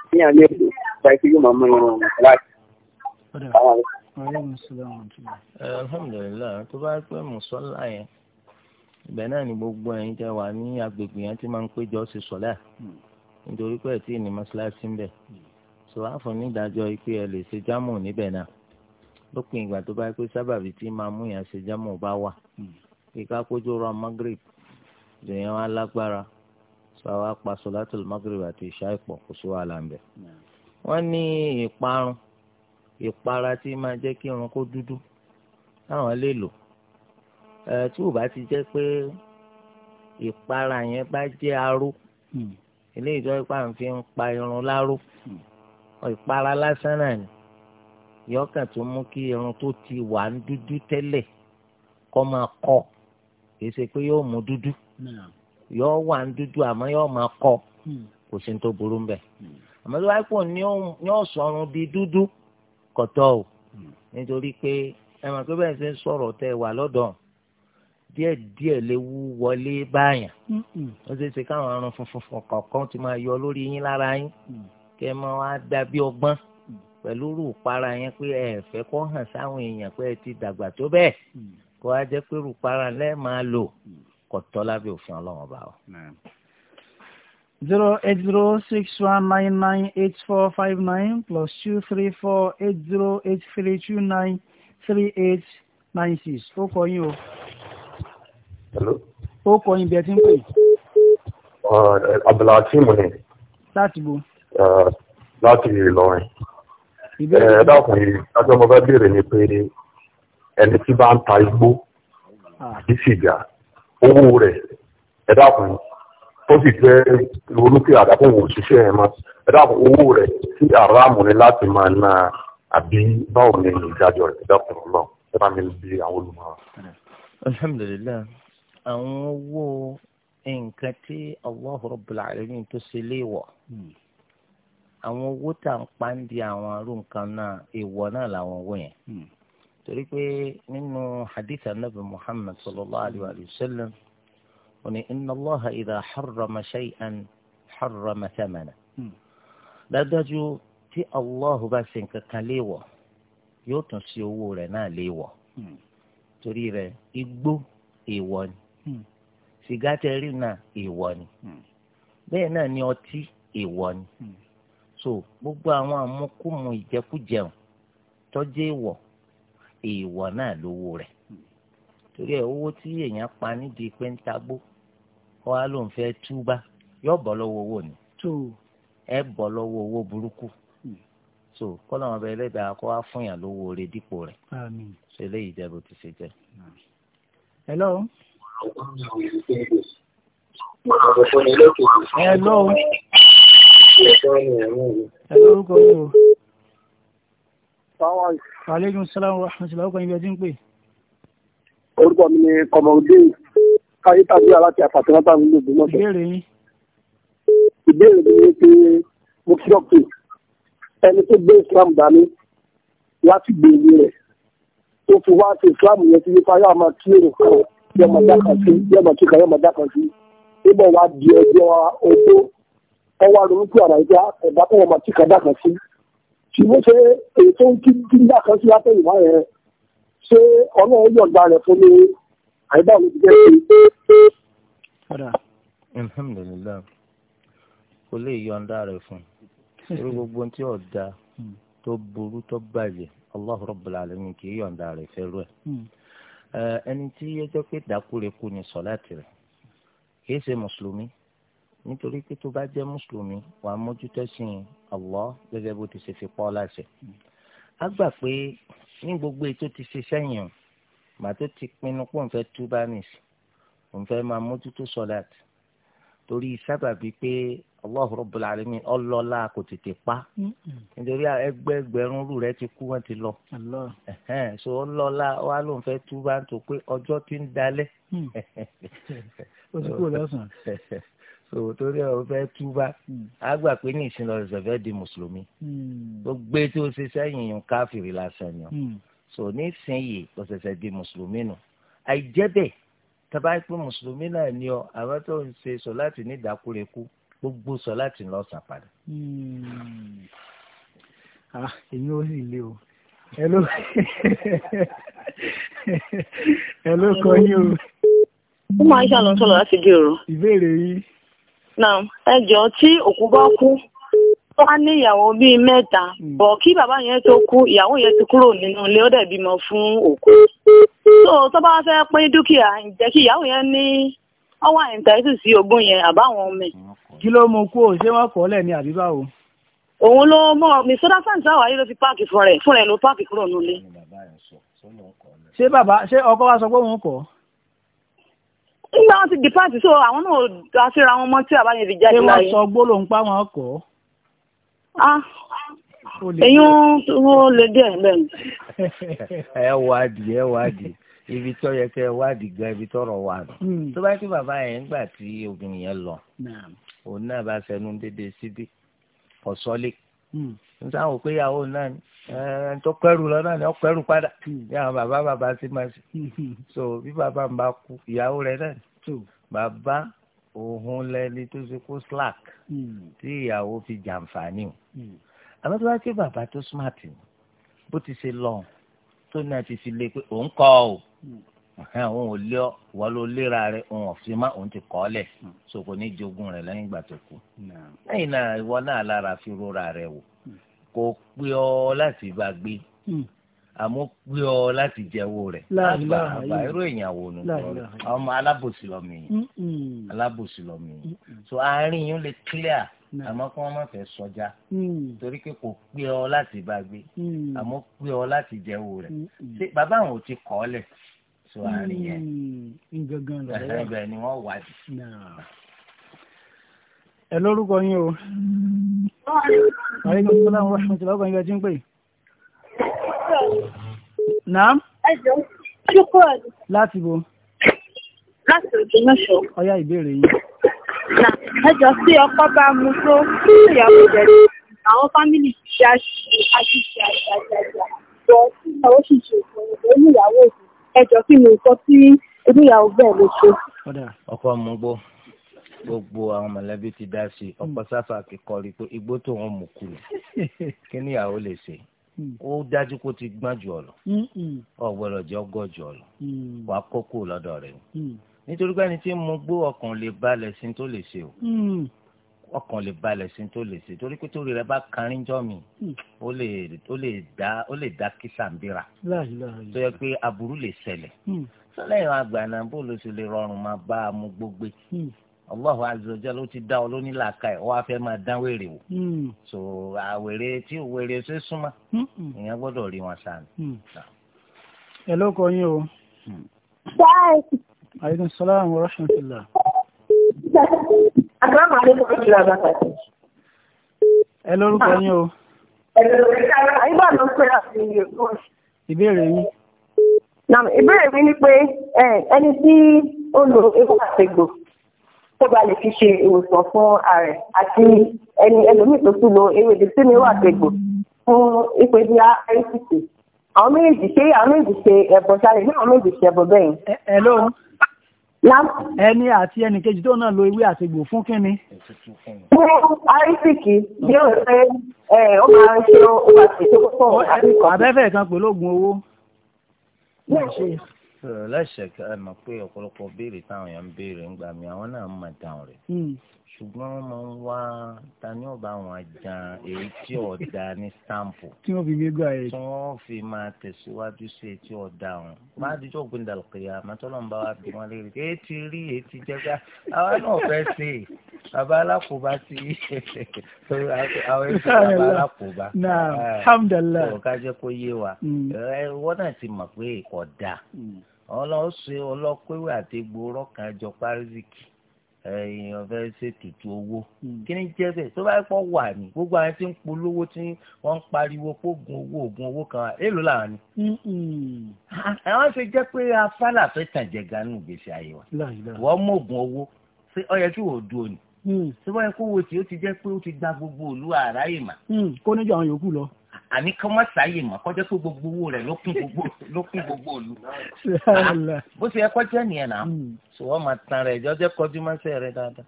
ṣé èèyàn lè lò bá yẹ kí yóò máa mú irun black. Alhamdulillah tó bá pẹ́ mùsọ́lá yẹn ibẹ̀ náà ni gbogbo ẹ̀yin tẹ́ wà ní agbègbè yẹn ti máa ń péjọ ṣe sọ̀lá hmm nítorí pé ẹtí ní mọ́ṣáláṣí ń bẹ sọ àfọ̀n nídàájọ́ pé ẹ lè ṣe jámù níbẹ̀ náà lópin ìgbà tó bá pé sábàbí tí máa mú yàn ṣe jámù bá wà kí ká kójú ra magrib lèèyàn wá lágbára sọ àwa pa sọlátùl magrib àti ìṣá ìpọ̀ kò sí wàhálà ń bẹ. wọ́n ní ìparun ìpara tí máa jẹ́ kí irun kó dúdú táwọn lè lò tí ò bá ti jẹ́ pé ìpara yẹn bá jẹ́ aró. Hmm eléyìí tó pa nfi ń pa irun láró hmm. ìpara lásán náà ni yọkàn tó mú kí irun tó ti wà ń dúdú tẹ́lẹ̀ kọ́ máa kọ́ kì í ṣe pé yóò mú dúdú yọ wà ń dúdú àmọ́ yóò máa kọ́ hmm. kò sí ní tó burú ń bẹ̀ hmm. àmọ́ tó wáyé pò ní ó sọ̀rùn di dúdú kọ̀tọ́ o nítorí pé ẹ mọ̀ pé bẹ́ẹ̀ ṣe ń sọ̀rọ̀ tẹ́ wà lọ́dọ̀ọ́ díẹ̀ díẹ̀ léwu wọlé báyàn ó ṣeé ṣe káwọn arun funfun kọ̀ọ̀kan ti máa yọ lórí yín lára yín mm. kẹ́ ẹ máa wá dàbí ọgbọ́n mm. pẹ̀lú rú para yẹn pé ẹ fẹ́ kó hàn sáwọn èèyàn pé ẹ ti dàgbà tó bẹ́ẹ̀ mm. kó wá jẹ́ pé rú para máa lò kò tọ́ lábẹ́ òfin ọlọ́run ọba o. zero eight zero six one nine nine eight four five nine plus two three four eight zero eight three two nine three eight nine six ó kọ yín o ó kọ ibi ẹ ti ń pè. Ah, abdullahi akeemu ni. láti bo. Ah, láti ìlọrin. ẹ eh, dákun yìí lájọ́ mo fẹ́ béèrè ni pé ẹni tí bá ń ta igbó ah. àti sìgá owó rẹ̀ ẹ dákun yìí ó sì jẹ́ olùkí àdàkùn òṣìṣẹ́ ẹ̀ mọ́ ẹ dákun owó rẹ̀ sí àràmù ni láti máa ná àbí báwo ni ìdájọ́ rẹ̀ dákun ọlọ́run ẹ bá mi bí àwọn olùmọ̀ràn. alhamdulilayi àwọn owó nǹkan tí Allah Rabbul Alamin tó ṣe léèwọ̀ hmm. àwọn owó tà ń pa ń di àwọn arú nǹkan náà èèwọ̀ náà làwọn owó yẹn hmm. torí pé nínú hadith anabi Muhammad sallallahu alayhi wa sallam ó ní inna Allaha idha harrama shay'an harrama thamana hmm. dájúdájú tí Allah bá ṣe nǹkan kan léèwọ̀ yóò tún ṣe owó rẹ̀ náà léèwọ̀ torí rẹ̀ igbó èèwọ̀ ni. Hmm. sìgá tẹ rí náà èèwọ̀ ni hmm. bẹ́ẹ̀ náà ni ọtí èèwọ̀ ni hmm. so gbogbo àwọn àmúkùmù ìjẹkújẹun tọ́jú èèwọ̀ èèwọ̀ náà lówó rẹ̀ torí ẹ̀ owó tí èèyàn pa nídìí pé ń tagbó wọ́n á lóun fẹ́ túbá yóò bọ́ lọ́wọ́ owó ni ẹ bọ́ lọ́wọ́ owó burúkú so kọ́nà ọba ẹlẹ́dàá kọ́ wá fún yàn lówó rẹ̀ dípò rẹ̀ ṣe eléyìí jẹ́ bó ti ṣe jẹ́. hello. Hello. Hello, go. Aleykum salaam wa rahmatullahi ọkọ̀ ibi ẹjọ́ ń pè. Orúkọ mi ni Kọmọdún Káyé tàbí aláti àfàtìmọ́tà ní ìlú Mọ́tò. Ìbéèrè yín. Ìbéèrè mi ni pé mo kí ọ̀pẹ ẹni tó gbé Islam dání láti gbé ìlú rẹ̀. Ó fi wá sí Islam yẹn ti ní fáyọ̀ àmọ́ kí èrò kan yóò mọ̀ dá kan sí yóò mọ̀ kíkan yóò mọ̀ dá kan sí ibò wa di ẹgbẹ́ wa ogbó ọwọ́ àrùn kú àrà ìgbà ẹ̀dá tó wọ́n mọ̀ kíkan dá kan sí ṣùgbọ́n ṣe èyí tó ń kí kí dá kan sí látẹ̀yìnwá yẹn ṣé ọlọ́run yọ̀ǹda rẹ̀ fún mi àìbá òun ti jẹ́ pé. alhamdulilayi kò lè yọ̀ǹda rẹ̀ fún orí gbogbo tí ò da hmm. tó burú tó bàjẹ́ Allahu Rabbul Alamin kì í yọ̀ǹda rẹ̀ fẹ́ rú ẹ̀. Hmm. Eh, ẹni tí ẹjọ́ pé dàkúrekú ni sọ̀láàtì rẹ̀ kìí ṣe mùsùlùmí nítorí pé tó bá jẹ́ mùsùlùmí wàá mójútó sí i Allah gẹ́gẹ́ bó ti ṣe fi pọ́ láṣẹ. a gbà pé ní gbogbo ètò ti ṣe sẹ́yìn o màá tó ti pinnu pé òun fẹ́ túbá òun fẹ́ máa mójútó sọ̀láàtì torí sábàbí pé Allahu Rabbul Alamin ọlọ́lá kò tètè pa nítorí ẹgbẹ́ ẹgbẹ̀rún rú rẹ ti kú wọ́n ti lọ so ọlọ́lá wa ló ń fẹ́ tú bá ń tó pé ọjọ́ ti ń dalẹ̀ mm. *laughs* ó ti kú lọ́sàn-án *laughs* so torí ọ̀rọ̀ fẹ́ tú bá mm. a gbà pé ní ìsinlọ rẹ̀ fẹ́ di mùsùlùmí tó mm. gbé tí ó ṣe sẹ́yìn yìí káfìrí lásán ni so nísìnyìí ọ̀sẹ̀sẹ̀ di mùsùlùmí nù àìjẹ́ bẹ́ẹ̀ tàbá pé mùsùlùmí náà ni ọ àwọn tó ń ṣe sọ láti ní ìdákúrekú gbogbo sọ láti lọ sàn padà. Hmm. Ah, èyí ó sì le o ẹ ló kọ yín o. ó máa ń ṣàlùsọ̀rọ̀ láti dèrò. ìbéèrè yìí. náà ẹ jọ tí òkú bá kú ó wá ní ìyàwó bíi mẹ́ta hmm. bọ̀ kí bàbá yẹn tó kú ìyàwó yẹn ti kúrò nínú ilé ó dẹ̀ bímọ fún òkú tó tó bá fẹ́ pín dúkìá ǹjẹ́ kí ìyàwó yẹn ní ọwọ́ àìntàìtì sí ogún yẹn àbáwọn ọmọ ẹ̀. kí ló mú kú òun ṣé wọn kọ ọ lẹ ní àbí báwo. òun ló mọ mi sọdá sáǹtì àwọn ayé ló fi páàkì fún rẹ fún rẹ ló páàkì kúrò nílé. ṣé bàbá ṣé ọkọ wa sọ pé òun kọ nígbà wọn ti dìpáàtì so àwọn náà aṣèrè àwọn ọmọ tí àbáyé fi jáde láyé. ṣé wọn sọ gbólóhùn pa wọn kọ ah èyàn ó lè díẹ̀ bẹ́ẹ̀. *laughs* ẹ wádìí ẹ wádìí ibi tó yẹ kẹ wádìí gan ibi tọrọ wà nù. Hmm. tó bá kí bàbá yẹn ń gbà tí obìnrin yẹn lọ òun náà bá fẹnu dédé síbí ọ̀sọ́lé hmm. n sáwọn pé ìyàwó náà ni ẹn tó kẹrù lọ náà ni ó kẹrù padà ní hmm. àwọn bàbá bàbá sí máa sí so bí bàbá ń bá kú ìyàwó rẹ náà bàbá òun lẹni tó ṣe kó slack hmm. tí ìyàwó fi jàǹfààní o hmm. àmọ́ tó bá ké bàbá tó smart ni bó ti ṣe lọ tó náà ti fi lé pé òun kọ́ o hmm. òun ò lé ọ wọ́n ló léra rẹ òun ò fi má òun ti kọ́ lẹ̀ so kò ní jogún rẹ lẹ́yìn ìgbà tó kú lẹ́yìn náà ìwọ náà lára fi rora rẹ wò kò pé ọ láti bá gbé àmọ́ pé ọ láti jẹ́wọ́ rẹ̀ àgbà àgbà irú ìyàwó nù ọmọ alábòsí lọ́mì yìí alábòsí lọ́mì yìí so àárín yìí ó lè clear mm. àmọ́ kí wọ́n má fẹ́ sọjá mm. torí pé kò pé ọ láti bá gbé mm. àmọ́ pé ọ láti jẹ́wọ́ rẹ̀ ṣé bàbá àwọn ò ti kọ́ ọ lẹ̀ so àárín yẹn ẹ̀ẹ́dẹ̀ ni wọ́n wà sí. ẹ lórúkọ yín o. wàhálà ìgbà tó láwọn wáṣọ ti lọ́kàn yín ẹ ti ń pè é. Naam. Ẹjọ́ ṣúkú ọ̀dù. Láti bo. Láti Ògbómọ̀ṣọ́. Ọyá ìbéèrè yìí. Nà ẹjọ́ sí ọkọ bá mu tó sí ìyàwó jẹ àwọn fámìlì ṣe àṣìṣe àṣàjàjà lọ sí ìyàwó ṣìṣe ìfọ̀rọ̀ lórí ìyàwó ẹjọ́ kí ni nǹkan tí bẹ́ẹ̀ lè ṣe. ọkọ mú gbogbo àwọn ti dá sí ọkọ sáfà kíkọ́ rí pé igbó tó mú *laughs* kí lè ṣe Hmm. ó dájú kó ti gbọ́n jù ọ lọ ọ̀gbọ́dọ̀ hmm, hmm. jẹ́ ọgọ́ jù ọ lọ wà á kókó lọ́dọ̀ rẹ̀ nítorí pé ẹni tí mo gbó ọkàn lè balẹ̀ sí tó lè ṣe o ọkàn lè balẹ̀ sí tó lè ṣe torí pé torí rẹ bá kárín jọ mi ó lè dá ó lè dá tó yẹ pé aburú lè ṣẹlẹ̀ sọlẹ́yìn àgbà náà bó ló ṣe lè rọrùn máa bá a mú gbógbé Allahu azza wa jalla ló ti dá ọ lóní làákà ẹ̀ wọ́n á fẹ́ máa dán wèrè wò. Hmm. so àwèrè tí wèrè ṣe súnmọ́ èèyàn hmm. gbọ́dọ̀ rí wọn sáà. Hmm. ẹ ló kọ yín o. aleykum salaam wa rahmatulah. asalaamu aleykum wa rahmatulah abakati. ẹ lórúkọ yín o. àyíbá ló ń pè àti ìyẹ̀kọ́. ìbéèrè yín. ìbéèrè mi ni pé ẹni tí ó lo epo àti egbò kó ba lè fi ṣe ìwòsàn fún ààrẹ àti ẹni ẹlòmíì tó tún lo ewé dèsínì wà gbègbò fún ipò ibi icc àwọn méjèèjì ṣe àwọn méjèèjì ṣe ẹbọ ṣáàlẹ ní àwọn méjèèjì ṣe ẹbọ bẹ́ẹ̀. ẹ ló ẹni àti ẹnìkejì tó náà lo ewé àtẹgbò fún kínni. fún icc bí ó ṣe ó máa ń ṣe ó máa ṣètò púpọ̀ àbíkọ. abẹ́fẹ́ kan pẹ̀lú oògùn owó láṣẹkẹ ẹ mọ̀ pé ọ̀pọ̀lọpọ̀ béèrè táwọn èèyàn ń béèrè ń gbà mí àwọn náà ń mọ dáhùn rẹ̀ hmm. ṣùgbọ́n wọ́n máa ń wá ta ní ọba àwọn ajá èyí tí ọ̀dà ní stampo tí wọ́n fi gbégbá ẹ̀ tí wọ́n fi máa tẹ̀síwájú sí èyí tí ọ̀dà wọn máa dijọ́ ògbìn dàlùkìyà àmọ́tọ́lọ́ ń bá wa bí wọ́n léèrè èyí ti rí èyí ti jẹ́gá àwa náà fẹ́ ṣe é bàbá alákòóbá ti *laughs* àwọn èyí ti bàbá alákòóbá alhamdulillah ọ̀ká jẹ́ kó yé wa hmm. wọ́n náà ti mọ̀ pé ọ̀dà ọlọ́run ṣe ọlọ́pẹ́wé àti gbòòrọ́ kan jọ párísìkì èèyàn fẹ́ ṣètùtù owó hmm. kí ni jẹ́ bẹ́ẹ̀ tó bá pọ̀ wà ní gbogbo àwọn tí ń polówó tí wọ́n ń pariwo kóògùn owó oògùn owó kan èèlò làwọn ni. àwọn hmm. ṣe jẹ́ pé afálà fẹ́ tàn jẹ ganu gbèsè ayé wa wọ́n mú oògùn owó ọyẹ tí wò ó dúró ni. tí hmm. wọ́n yẹ kó wo tí ó ti jẹ́ pé ó ti gba gbogbo òlu àráyè mà. kó níjà àwọn yòókù lọ àní kí wọ́n sáyè mọ́ kọjá pé gbogbo owó rẹ̀ ló kún gbogbo ló kún gbogbo òlu. Ah, bó ṣe ẹkọ jẹ́ nìyẹn náà hmm. sọ wọ́n máa tan rẹ̀ jọjọ́ kọjú mọ́sẹ̀ rẹ̀ dáadáa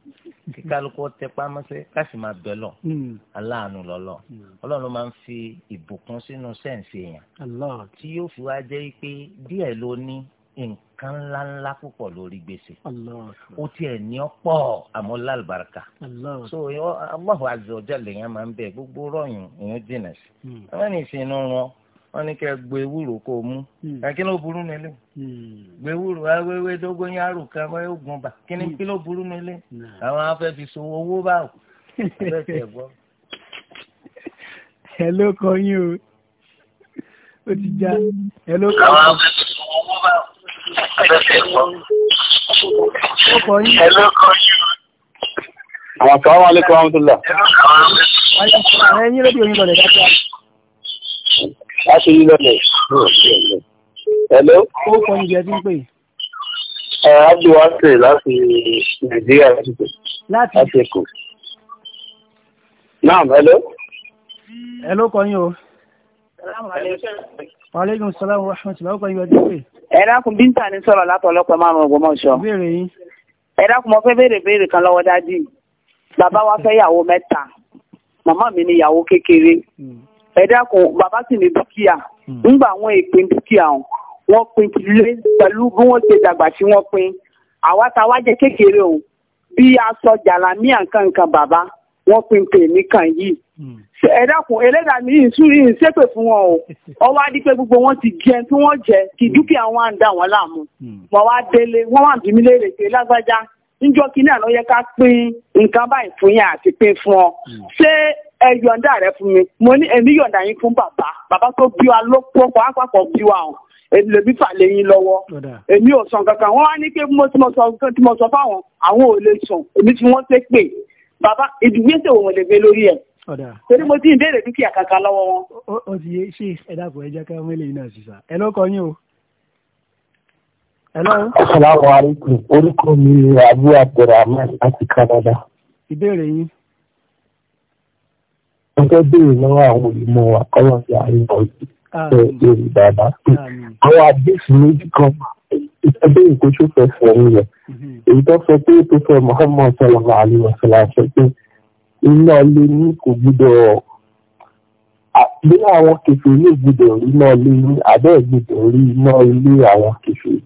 kí kálukú tẹpá mọ́sẹ̀ káṣí máa bẹ̀ lọ hmm. aláàánú lọ́lọ́ hmm. ọlọ́run máa ń fi ìbùkún sínú sẹ́ǹsì èèyàn tí yóò fi wá jẹ́ pé díẹ̀ ló ní nǹkan ńláńlá púpọ̀ lórí gbèsè ó tiẹ̀ ní ọ̀pọ̀ àmọ́ lálùbáríkà so Allahu azza wa jalla lèèyàn máa ń bẹ̀ gbogbo rọ̀yìn èèyàn jìnà sí hmm. wọ́n ní ìsinú wọn wọ́n ní kẹ́ gbé ewúro kó mú hmm. kí ló burú nílé hmm. gbé ewúro awéwé dógó yàrá kan wọ́n yóò gun bà kí ló burú nílé àwọn afẹ́ fi sowó owó báwò abẹ́ tiẹ̀ gbọ́. *laughs* ẹ ló kọ yín o ó ti já ẹ ló kọ yín. Hello àtàwọn alékọ́ àwọn tó là. Ẹyìn lóbi òyìn lọ lẹ̀ dáadáa. A ṣe yìí lọ́lẹ̀. Hello. Ó kọ́ ní jẹ́bí pé. Abdulwase láti Nàìjíríà lásìkò. Láti Èkó. Naam, hello. Hello kọ́ yín o. Salaam Wàlẹ́gùn sọ́lá wa rahmatullahi ọkọ̀ yóò dé pé. Ẹ̀rákùn bíntà ní sọ̀rọ̀ látọ̀lọ́pọ̀ márùn-ún Ògbómọ̀ṣọ́. Béèrè yín. Ẹ̀rákùn mo fẹ́ béèrè béèrè kan lọ́wọ́ dájú. Bàbá wa fẹ́ ìyàwó mẹ́ta. Màmá mi ni ìyàwó kékeré. Hmm. Ẹ̀dákùn bàbá sì ní dúkìá. Ńgbà hmm. wọn èpin dúkìá ọ̀hún. Wọ́n pin tilé pẹ̀lú bí wọ́n ṣe dàgbà tí wọ́n pin. Àwa wá jẹ́ kékeré òun. Bí aṣọ jàlámíà nǹkan nǹkan bàbá, wọ́n pin tèmi kan yìí. Hmm. ẹ dákun ẹlẹ́dàá mi yìí sùn yìí ń ṣépè fún wọn o ọwọ́ adípé gbogbo wọn ti jẹ tí wọ́n jẹ kí dúkìá wọn à ń dà wọ́n láàmú hmm. wọ́n wá délé wọ́n wà bí mi léèrè pé lágbájá níjọ́ kínní àná yẹ ká pín nǹkan báyìí fún yín àti pín fún ọ hmm. ṣé ẹ yọ̀ǹda rẹ fún mi mo ní èmi yọ̀ǹda yín fún bàbá bàbá tó bí wa ló pọ̀ àpapọ̀ bí wa o èmi lèmi fà lẹ́yìn lọ́wọ́ èmi ò sàn kankan wọ́n wá ní pé mo ti mọ̀ sọ fáwọn àwọn ò lè sàn èmi tí wọ́n ṣe pé bàbá ìdígbésẹ̀ òun lè gbé lórí ẹ̀ torí mo ti ń béèrè dúkìá kankan lọ́wọ́ wọn. ó ti yé ṣe ẹ dàpọ̀ ẹ jẹ́ ká mẹ́lẹ̀ yìí náà sísà ẹ lọ́kọ yín o. asalaamu aleykum orúkọ mi ni abu abdulrahman láti Canada. ìbéèrè yín. mo fẹ́ béèrè lọ́wọ́ àwọn olùmọ̀ wa kọ́lọ́ sí àárín ọ̀gbìn ṣe èrè dáadáa pé àwọn àdéhùn méjì kan ìtẹ́bẹ̀ ìkóṣòfẹ́ fún mi rẹ̀ mhm. èyí tó sọ pé tó fẹ́ Muhammad sallallahu alayhi wa sallam sọ iná lé ní kò gbúdọ̀ bí àwọn kẹfẹ́ lè gbúdọ̀ rí iná lé ní abẹ́ gbúdọ̀ rí iná ilé àwọn kẹfẹ́.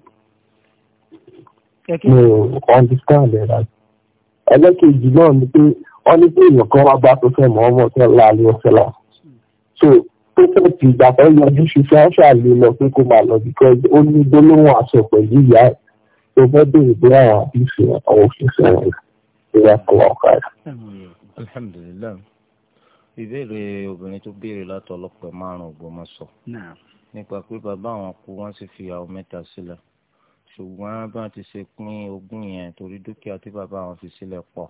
mi understand ẹ̀ rà. ẹlẹ́kejì náà ni pé wọ́n ní pé èèyàn kan wá bá tó fẹ́ mọ́ ọmọ tó ń la alẹ́ ọ̀sẹ̀ lọ. so tó fẹ́ ti ìgbà kan yọjú ṣiṣẹ́ ó ṣàlè lọ pé kó máa lọ because ó ní gbólóhùn aṣọ pẹ̀lú ìyá ẹ̀ tó fẹ́ béèrè bí àwọn àbí ìfẹ́ àwọn òṣìṣẹ́ wọn ìyá kọ́ ọ̀kadà alhamdulilayi ìbéèrè obìnrin tó béèrè láti ọlọ́pàá márùn-ún Ògbómọ̀ṣọ́ nípa pé bàbá àwọn kú wọ́n sì fi ìyàwó mẹ́ta sílẹ̀ ṣùgbọ́n bá ti ṣe pín ogún yẹn torí dúkìá tí bàbá àwọn fi sílẹ̀ pọ̀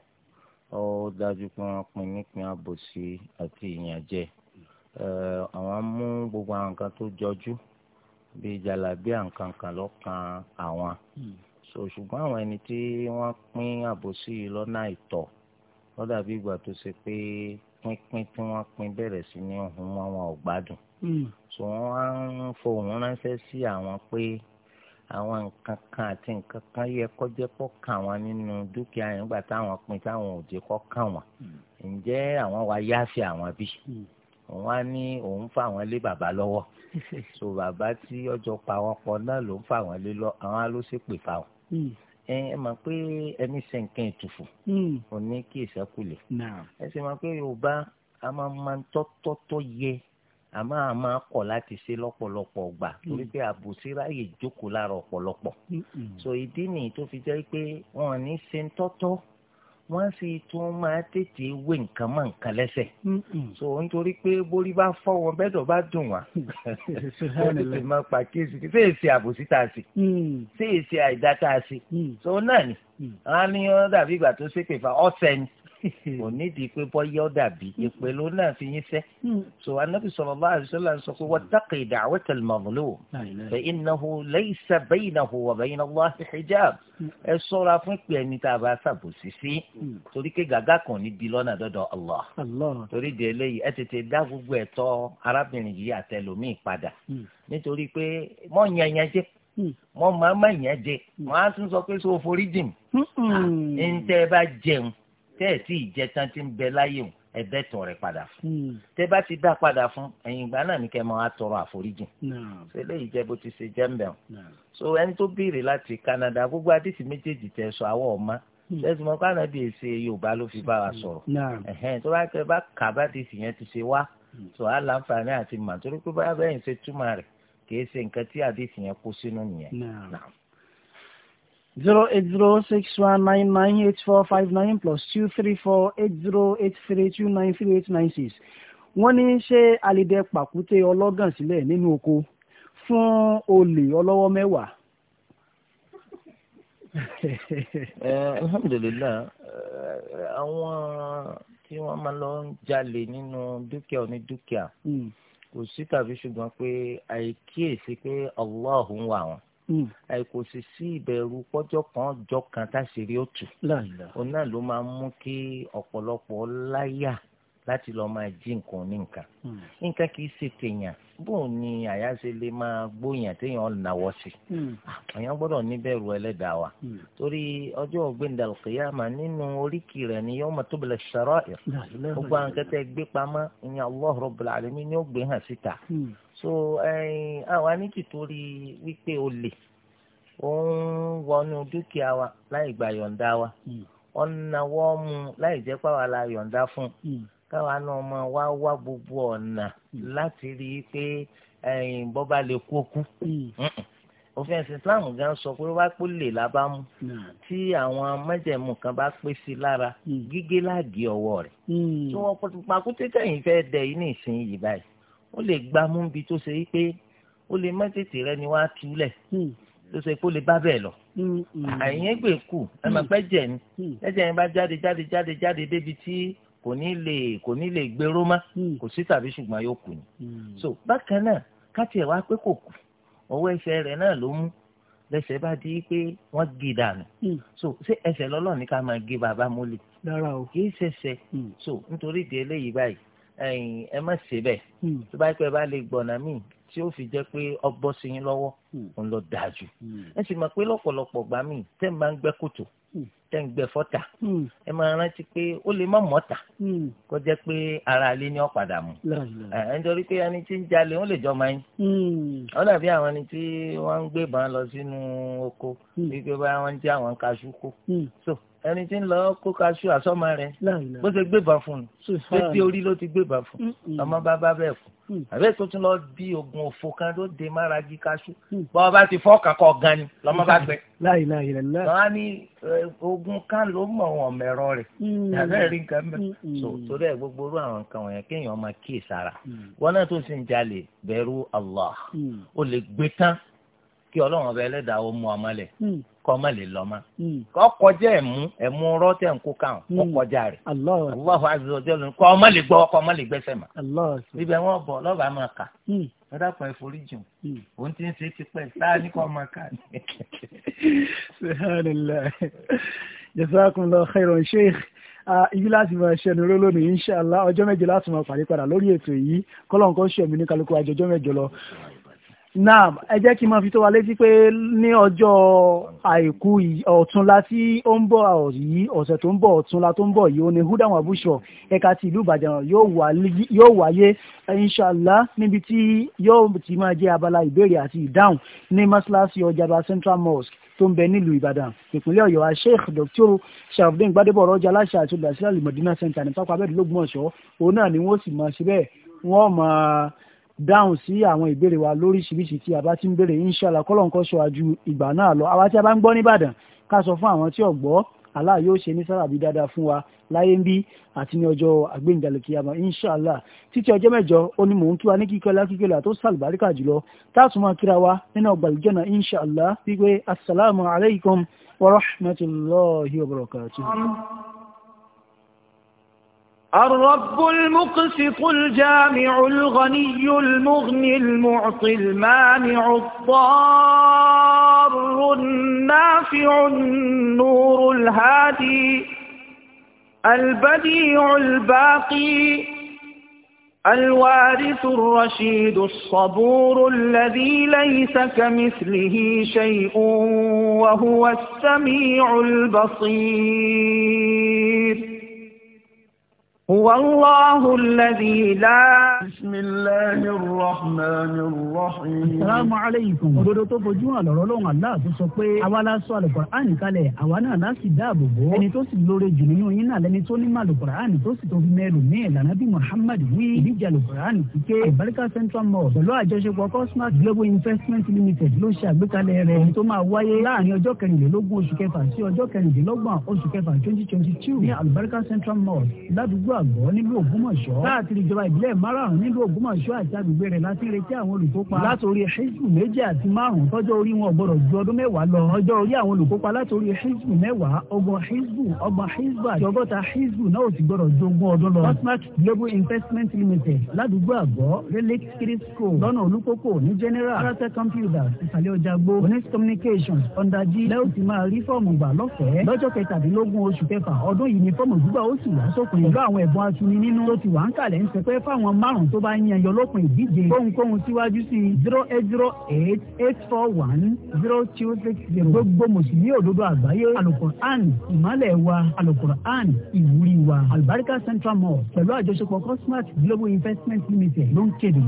ó dájú pé wọ́n pín nípìn àbòsí àti ìyànjẹ àwọn mú gbogbo àwọn nǹkan tó jọjú bíi jàlábíà nǹkan kan àwọn hmm. ṣùgbọ́n àwọn ẹni tí wọ́n pín àbòsí yìí lọ́nà àìtọ́ ó dàbí ìgbà tó ṣe pé pínpín tí wọ́n pín bẹ̀rẹ̀ sí ní ohun wọn wọn ò gbádùn hmm. so wọ́n á ń fohùn ránṣẹ́ sí àwọn pé àwọn nǹkan kan àti nǹkan kan yẹ kọjẹ kọ kàn wọn nínú dúkìá yẹn nígbà táwọn pín táwọn ò jẹ kọ kàn wọn hmm. ǹjẹ́ àwọn wa yáàfin àwọn bí hmm. òun á ní òun fà wọn lé bàbá lọ́wọ́ *laughs* so bàbá tí ọjọ́ pa wọn pọ̀ náà ló ń fà wọn lé lọ àwọn á fà wọn ẹ mọ̀ pé ẹni ṣe nǹkan ìtùfù òní hmm. kí ìṣẹ́kùlẹ̀ ẹ sì mọ̀ pé yorùbá a máa máa ń tọ́tọ́tọ́ yẹ àmọ́ a máa kọ̀ láti ṣe lọ́pọ̀lọpọ̀ gbà hmm. torí pé àbòsí ráàyè jókòó lára ọ̀pọ̀lọpọ̀ hmm, so ìdí nìyí tó fi jẹ́ pé wọn ní ṣe wọ́n sì tún máa tètè wé nǹkan mọ́ nǹkan lẹ́sẹ̀. so nítorí pé borí bá fọ́ wọn bẹ́dọ̀ bá dùn wá. wọ́n lè fi máa pa kéèsì kí sèèsì àbòsí tá a sí. sèèsì mm. àìdá tá a sí. Mm. so náà ni. àwọn mm. àníyàn dàbí ìgbà tó ṣépè fa ọ̀sẹ̀ ni kò *laughs* nídìí pé bọ́yá ó dàbí ìpè ló náà fi yín fẹ́. Hmm. so anabi sallallahu alaihi wasallam sọ pé wattaqi da'wata al-mazlum fa innahu laysa baynahu wa bayna Allahi hijab hmm. ẹ sọ́ra fún ìpè ẹni tá a bá ṣàbòsí sí hmm. torí pé gàgà kan ní bí lọ́nà dọ́dọ̀ Allah torí di eléyìí ẹ tètè dá gbogbo ẹ̀tọ́ arábìnrin yìí àtẹlómi padà nítorí pé mọ́ yanyan jẹ́ mọ́ máa má tún sọ pé so forí jìn ń ah, bá jẹun tẹ́ ẹ̀ tí ìjẹta ti ń bẹ láyé o ẹ̀bẹ̀ tọ̀ rẹ̀ padà fún hmm. tẹ́ bá ti dá padà fún ẹ̀yìn ìgbà náà ní kẹ́ máa tọrọ àforíjìn ṣe léyìí ti ṣe jẹ́ ń so ẹni tó béèrè láti Canada gbogbo àdìsí méjèèjì tẹ̀ sọ àwọ̀ ọ̀ma lẹ́sìn mọ́ kánà bí èsì Yorùbá ló fi bá wa hmm. sọ̀rọ̀ ẹ̀hẹ́n tó bá kẹ́ bá kà bá ti sì yẹn ti ṣe wá tó hmm. á àti mà torí pé báyà bẹ́yìn ṣe túmọ̀ rẹ̀ kì í ṣe nǹkan tí àdìsí yẹn kó sínú nìyẹn zero eight zero six one nine nine eight four five nine plus two three four eight zero eight three two nine three eight nine six wọ́n ní ṣé alidẹ pàkúté ọlọ́gàn sílẹ̀ nínú oko fún olè ọlọ́wọ́ mẹ́wàá. *laughs* Eh, alhamdulilayi eh, àwọn tí wọ́n máa lọ ń jalè nínú dúkìá onídúkìá hmm. kò sí tàbí ṣùgbọ́n pé àìkíyèsí pé Allah ń wà wọ́n. Hmm. kò sì sí ìbẹ̀rù pọ́jọ́ kan jọ kan táṣìírí ó tù òun náà ló máa ń mú kí ọ̀pọ̀lọpọ̀ láyà láti lọ́ọ́ máa jí nǹkan ní nǹkan hmm. kì í ni àyáṣe lè máa gbóyàn téèyàn nàwọ́ sí hmm. èèyàn gbọ́dọ̀ níbẹ̀rù ẹlẹ́dàá wa torí ọjọ́ ògbéǹda al nínú oríkì rẹ̀ ni gbogbo àwọn kẹtẹ gbé pamọ́ ìyẹn Allah ni so àwa ní kìtorí wípé o lè ó ń wọnú dúkìá wa láì gba yọ̀ǹda wa hmm. ó ń nawọ́ mu láì jẹ́ pàwọn la yọ̀ǹda fún hmm. káwa náà máa wá wá gbogbo ọ̀nà hmm. láti rí i pé bọ́ba lè kú okú òfin ẹ̀sìn islam gan sọ pé wá pé lè lábá mu tí àwọn mẹ́jẹ̀mú kan bá pé sí lára gígé láàgé ọwọ́ rẹ̀ tí wọ́n pakúté tẹ̀yìn fẹ́ dẹ yìí nísìnyí báyìí ó lè gba mú bi tó ṣe pé ó lè má tètè rẹ ni wàá túlẹ̀ hmm. tó ṣe pé ó lè bá bẹ́ẹ̀ lọ. Hmm, hmm. àyìn gbè kù ẹ mọ̀ pé jẹ̀ ni ẹ̀jẹ̀ yẹn bá jáde jáde jáde jáde débi tí kò ní lè kò ní lè gbèrò mọ́ kò sí tàbí ṣùgbọ́n yóò kù ni. so bákan náà káti ẹ̀ wá pé kò kù ọwọ́ ẹsẹ̀ rẹ̀ náà ló mú lẹ́sẹ̀ bá di pé wọ́n gé dànù. so ṣé ẹsẹ̀ ni ká máa gé bàbá mọ́lẹ̀. dára o kì í ṣẹṣẹ. so nítorí ìdí eléyìí báyìí ẹ̀yin ẹ má ṣe bẹ́ẹ̀ hmm. tó bá pẹ́ bá lè gbọ̀nà míì tí ó fi jẹ́ pé ọbọ̀ sí yín lọ́wọ́ ń hmm. lọ dáa jù hmm. ẹ sì mọ̀ pé lọ́pọ̀lọpọ̀ gbà míì tẹ́ ń bá ń gbẹ́ kòtò tẹ́ ń gbẹ́ fọ́tà ẹ máa rántí pé ó lè má mọ́ta kó jẹ́ pé ara ilé ni ó padà mú ẹ nítorí pé ẹni tí ń jalè ó lè jọ máa yín ó dàbí àwọn ẹni tí wọ́n ń gbébọn lọ sínú oko wípé báyà wọ́n ń jẹ́ àwọn kaṣú kó ẹni tí ń lọ kó kaṣú àsọmọ rẹ bó ṣe gbébà fún un títí orí ló ti gbébà fún un ọmọ bàbá bẹ́ẹ̀ fún un mm. àbẹ́ tó tún lọ di oògùn òfò kan tó de mára jí kaṣú mm. bọ́ ọ bá ti fọ́ kakọ́ gan ni lọ́mọ bá gbẹ. *laughs* wọ́n á ní oògùn kan ló mọ̀ wọ́n mẹ́rọ rẹ̀ yàtọ̀ mm. rí nǹkan mẹ́ so torí ẹ̀ gbogbo orú àwọn nǹkan wọ̀nyẹn kéèyàn máa kíyè sára wọn náà tó sì ń jalè bẹ̀rù Allah O lè gbé tán kí ọlọ́run ọba ẹlẹ́dàá ó mú ọmọ lẹ̀ hmm. kọ́ ọmọ lè lọ́ ma hmm. kọ́ kọjá ẹ̀mú ẹ̀mú rọ́tẹ̀ ńkú káwọn kọ́ hmm. kọjá rẹ̀ Allahu azza wa jalla kọ́ ọmọ lè gbọ́ kọ́ ọmọ lè gbẹ́sẹ̀ mà ibẹ̀ wọ́n bọ̀ lọ́ba máa kà lọ́dàpọ̀ ẹ̀fọ́rí jùn òun ti ń ṣe tipẹ́ sáà ní kọ́ ọmọ kà ní. jazakumullahu khairan sheikh ibi láti máa ṣẹnu ró lónìí inṣàlá ọjọ́ mẹ́jọ láti máa pàdé padà lórí ètò yìí kọ́lọ́ǹkọ́ ṣẹ̀mí ní kálukú àjọjọ́ mẹ́jọ lọ naam ẹ jẹ́ kí n máa fi tó wa létí pé ní ọjọ́ àìkú ọ̀túnla tí ó ń bọ̀ yìí ọ̀sẹ̀ tó ń bọ̀ ọ̀túnla tó ń bọ̀ yìí ó ní húdà àbúṣọ ẹ̀ka ti ìlú ìbàdàn yóò wáyé inshàlá níbi tí yóò ti máa jẹ́ abala ìbéèrè àti ìdáhùn ní mọ́ṣáláṣí ọjàba central mosque tó ń bẹ nílùú ìbàdàn ìpínlẹ̀ ọ̀yọ́ sheikh dr sharafdin gbadebo ọ̀rọ̀jà aláṣẹ àti olùdásílẹ̀ center ní pápá abẹ́ẹ̀dúgbọ̀nsọ̀ òun náà ni wọ́n dáhùn sí àwọn ìbéèrè wa lóríṣiríṣi tí a bá ti ń béèrè inshallah kọ́lọ́nkọ́ ṣọ́wájú ìgbà náà lọ àwa tí a bá ń gbọ́ nìbàdàn ká sọ fún àwọn tí ò gbọ́ Allah yóò ṣe ní sábàbí dáadáa fún wa láyé ń bí àti ní ọjọ́ àgbéǹdàlẹ̀ kìyàmá inshallah títí ọjọ́ mẹ́jọ ó ní mò ń kí wa ní kíkọ́lá kíkọ́lá tó sàlùbáríkà jùlọ táàtún máa kíra wa nínú ọgbàlùjọ́ náà inshallah wípé assalamu alaikum wa rahmatullahi wa barakatuh. الرب المقسط الجامع الغني المغني المعطي المانع الضار النافع النور الهادي البديع الباقي الوارث الرشيد الصبور الذي ليس كمثله شيء وهو السميع البصير هو الله الذي لا بسم الله الرحمن الرحيم السلام عليكم òdodo tó fojú hàn lọ́rọ̀ lóhùn Allah tó sọ pé àwa la sọ àlùkùránì kalẹ̀ àwa náà la sì dáàbò bò ó ẹni tó sì lóore jù nínú yín náà lẹni tó ní mọ àlùkùránì tó sì tó fi mẹ́rù ní ìlànà bí Muhammad wí ìdíje àlùkùránì kíké àbáríkà central mall pẹ̀lú àjọṣepọ̀ Cosmas Global Investment Limited ló ṣe àgbékalẹ̀ rẹ̀ èyí tó máa wáyé láàrin ọjọ́ kẹrìnlélógún oṣù kẹfà sí ọjọ́ kẹrìndínlọ́gbọ̀n oṣù kẹfà twenty twenty two ní central mall ládùúgbò àgọ́ nílùú ògbómọ̀ṣọ́ káàkiri ìjọba ìbílẹ̀ márààrún nílùú ògbómọ̀ṣọ́ àti agbègbè rẹ̀ láti retí àwọn olùkópa látòrí hizbu méjì àti márùn tọ́jọ́ orí wọn gbọ́dọ̀ ju ọdún mẹ́wàá lọ ọjọ́ orí àwọn olùkópa látòrí hizbu mẹ́wàá ọgbọ̀n hizbu ọgbọ̀n hizbu àti ọgọ́ta hizbu náà ò sì gbọ́dọ̀ ju ogún ọdún lọ. hotmart global investment limited ládùúgbò àgọ́ relic street lọ́nà olúkókò ní general karate computers ìsàlẹ̀ ọjà gbó honest communications ọ̀ndàjì lẹ́yìn tí máa rí fọ́ọ̀mù gbà lọ́fẹ̀ẹ́ lọ́jọ́ kẹtàdínlógún oṣù kẹfà ọdún yìí ni fọ́ọ̀mù gbígbà ó sì wá sópin pẹ̀lú àwọn ẹ̀bùn aṣuni nínú ló ti wà ń kalẹ̀ ń sọ pé fáwọn márùn tó bá yan yọ lópin ìdíje kóhunkóhun síwájú sí zero eight zero eight eight four one zero two six zero gbogbo mùsùlùmí òdodo àgbáyé alukur'an ìmọ̀lẹ̀ wa alukur'an ìwúrí wa albarika central mall pẹ̀lú àjọṣepọ̀ cosmart global investment limited ló ń kéde.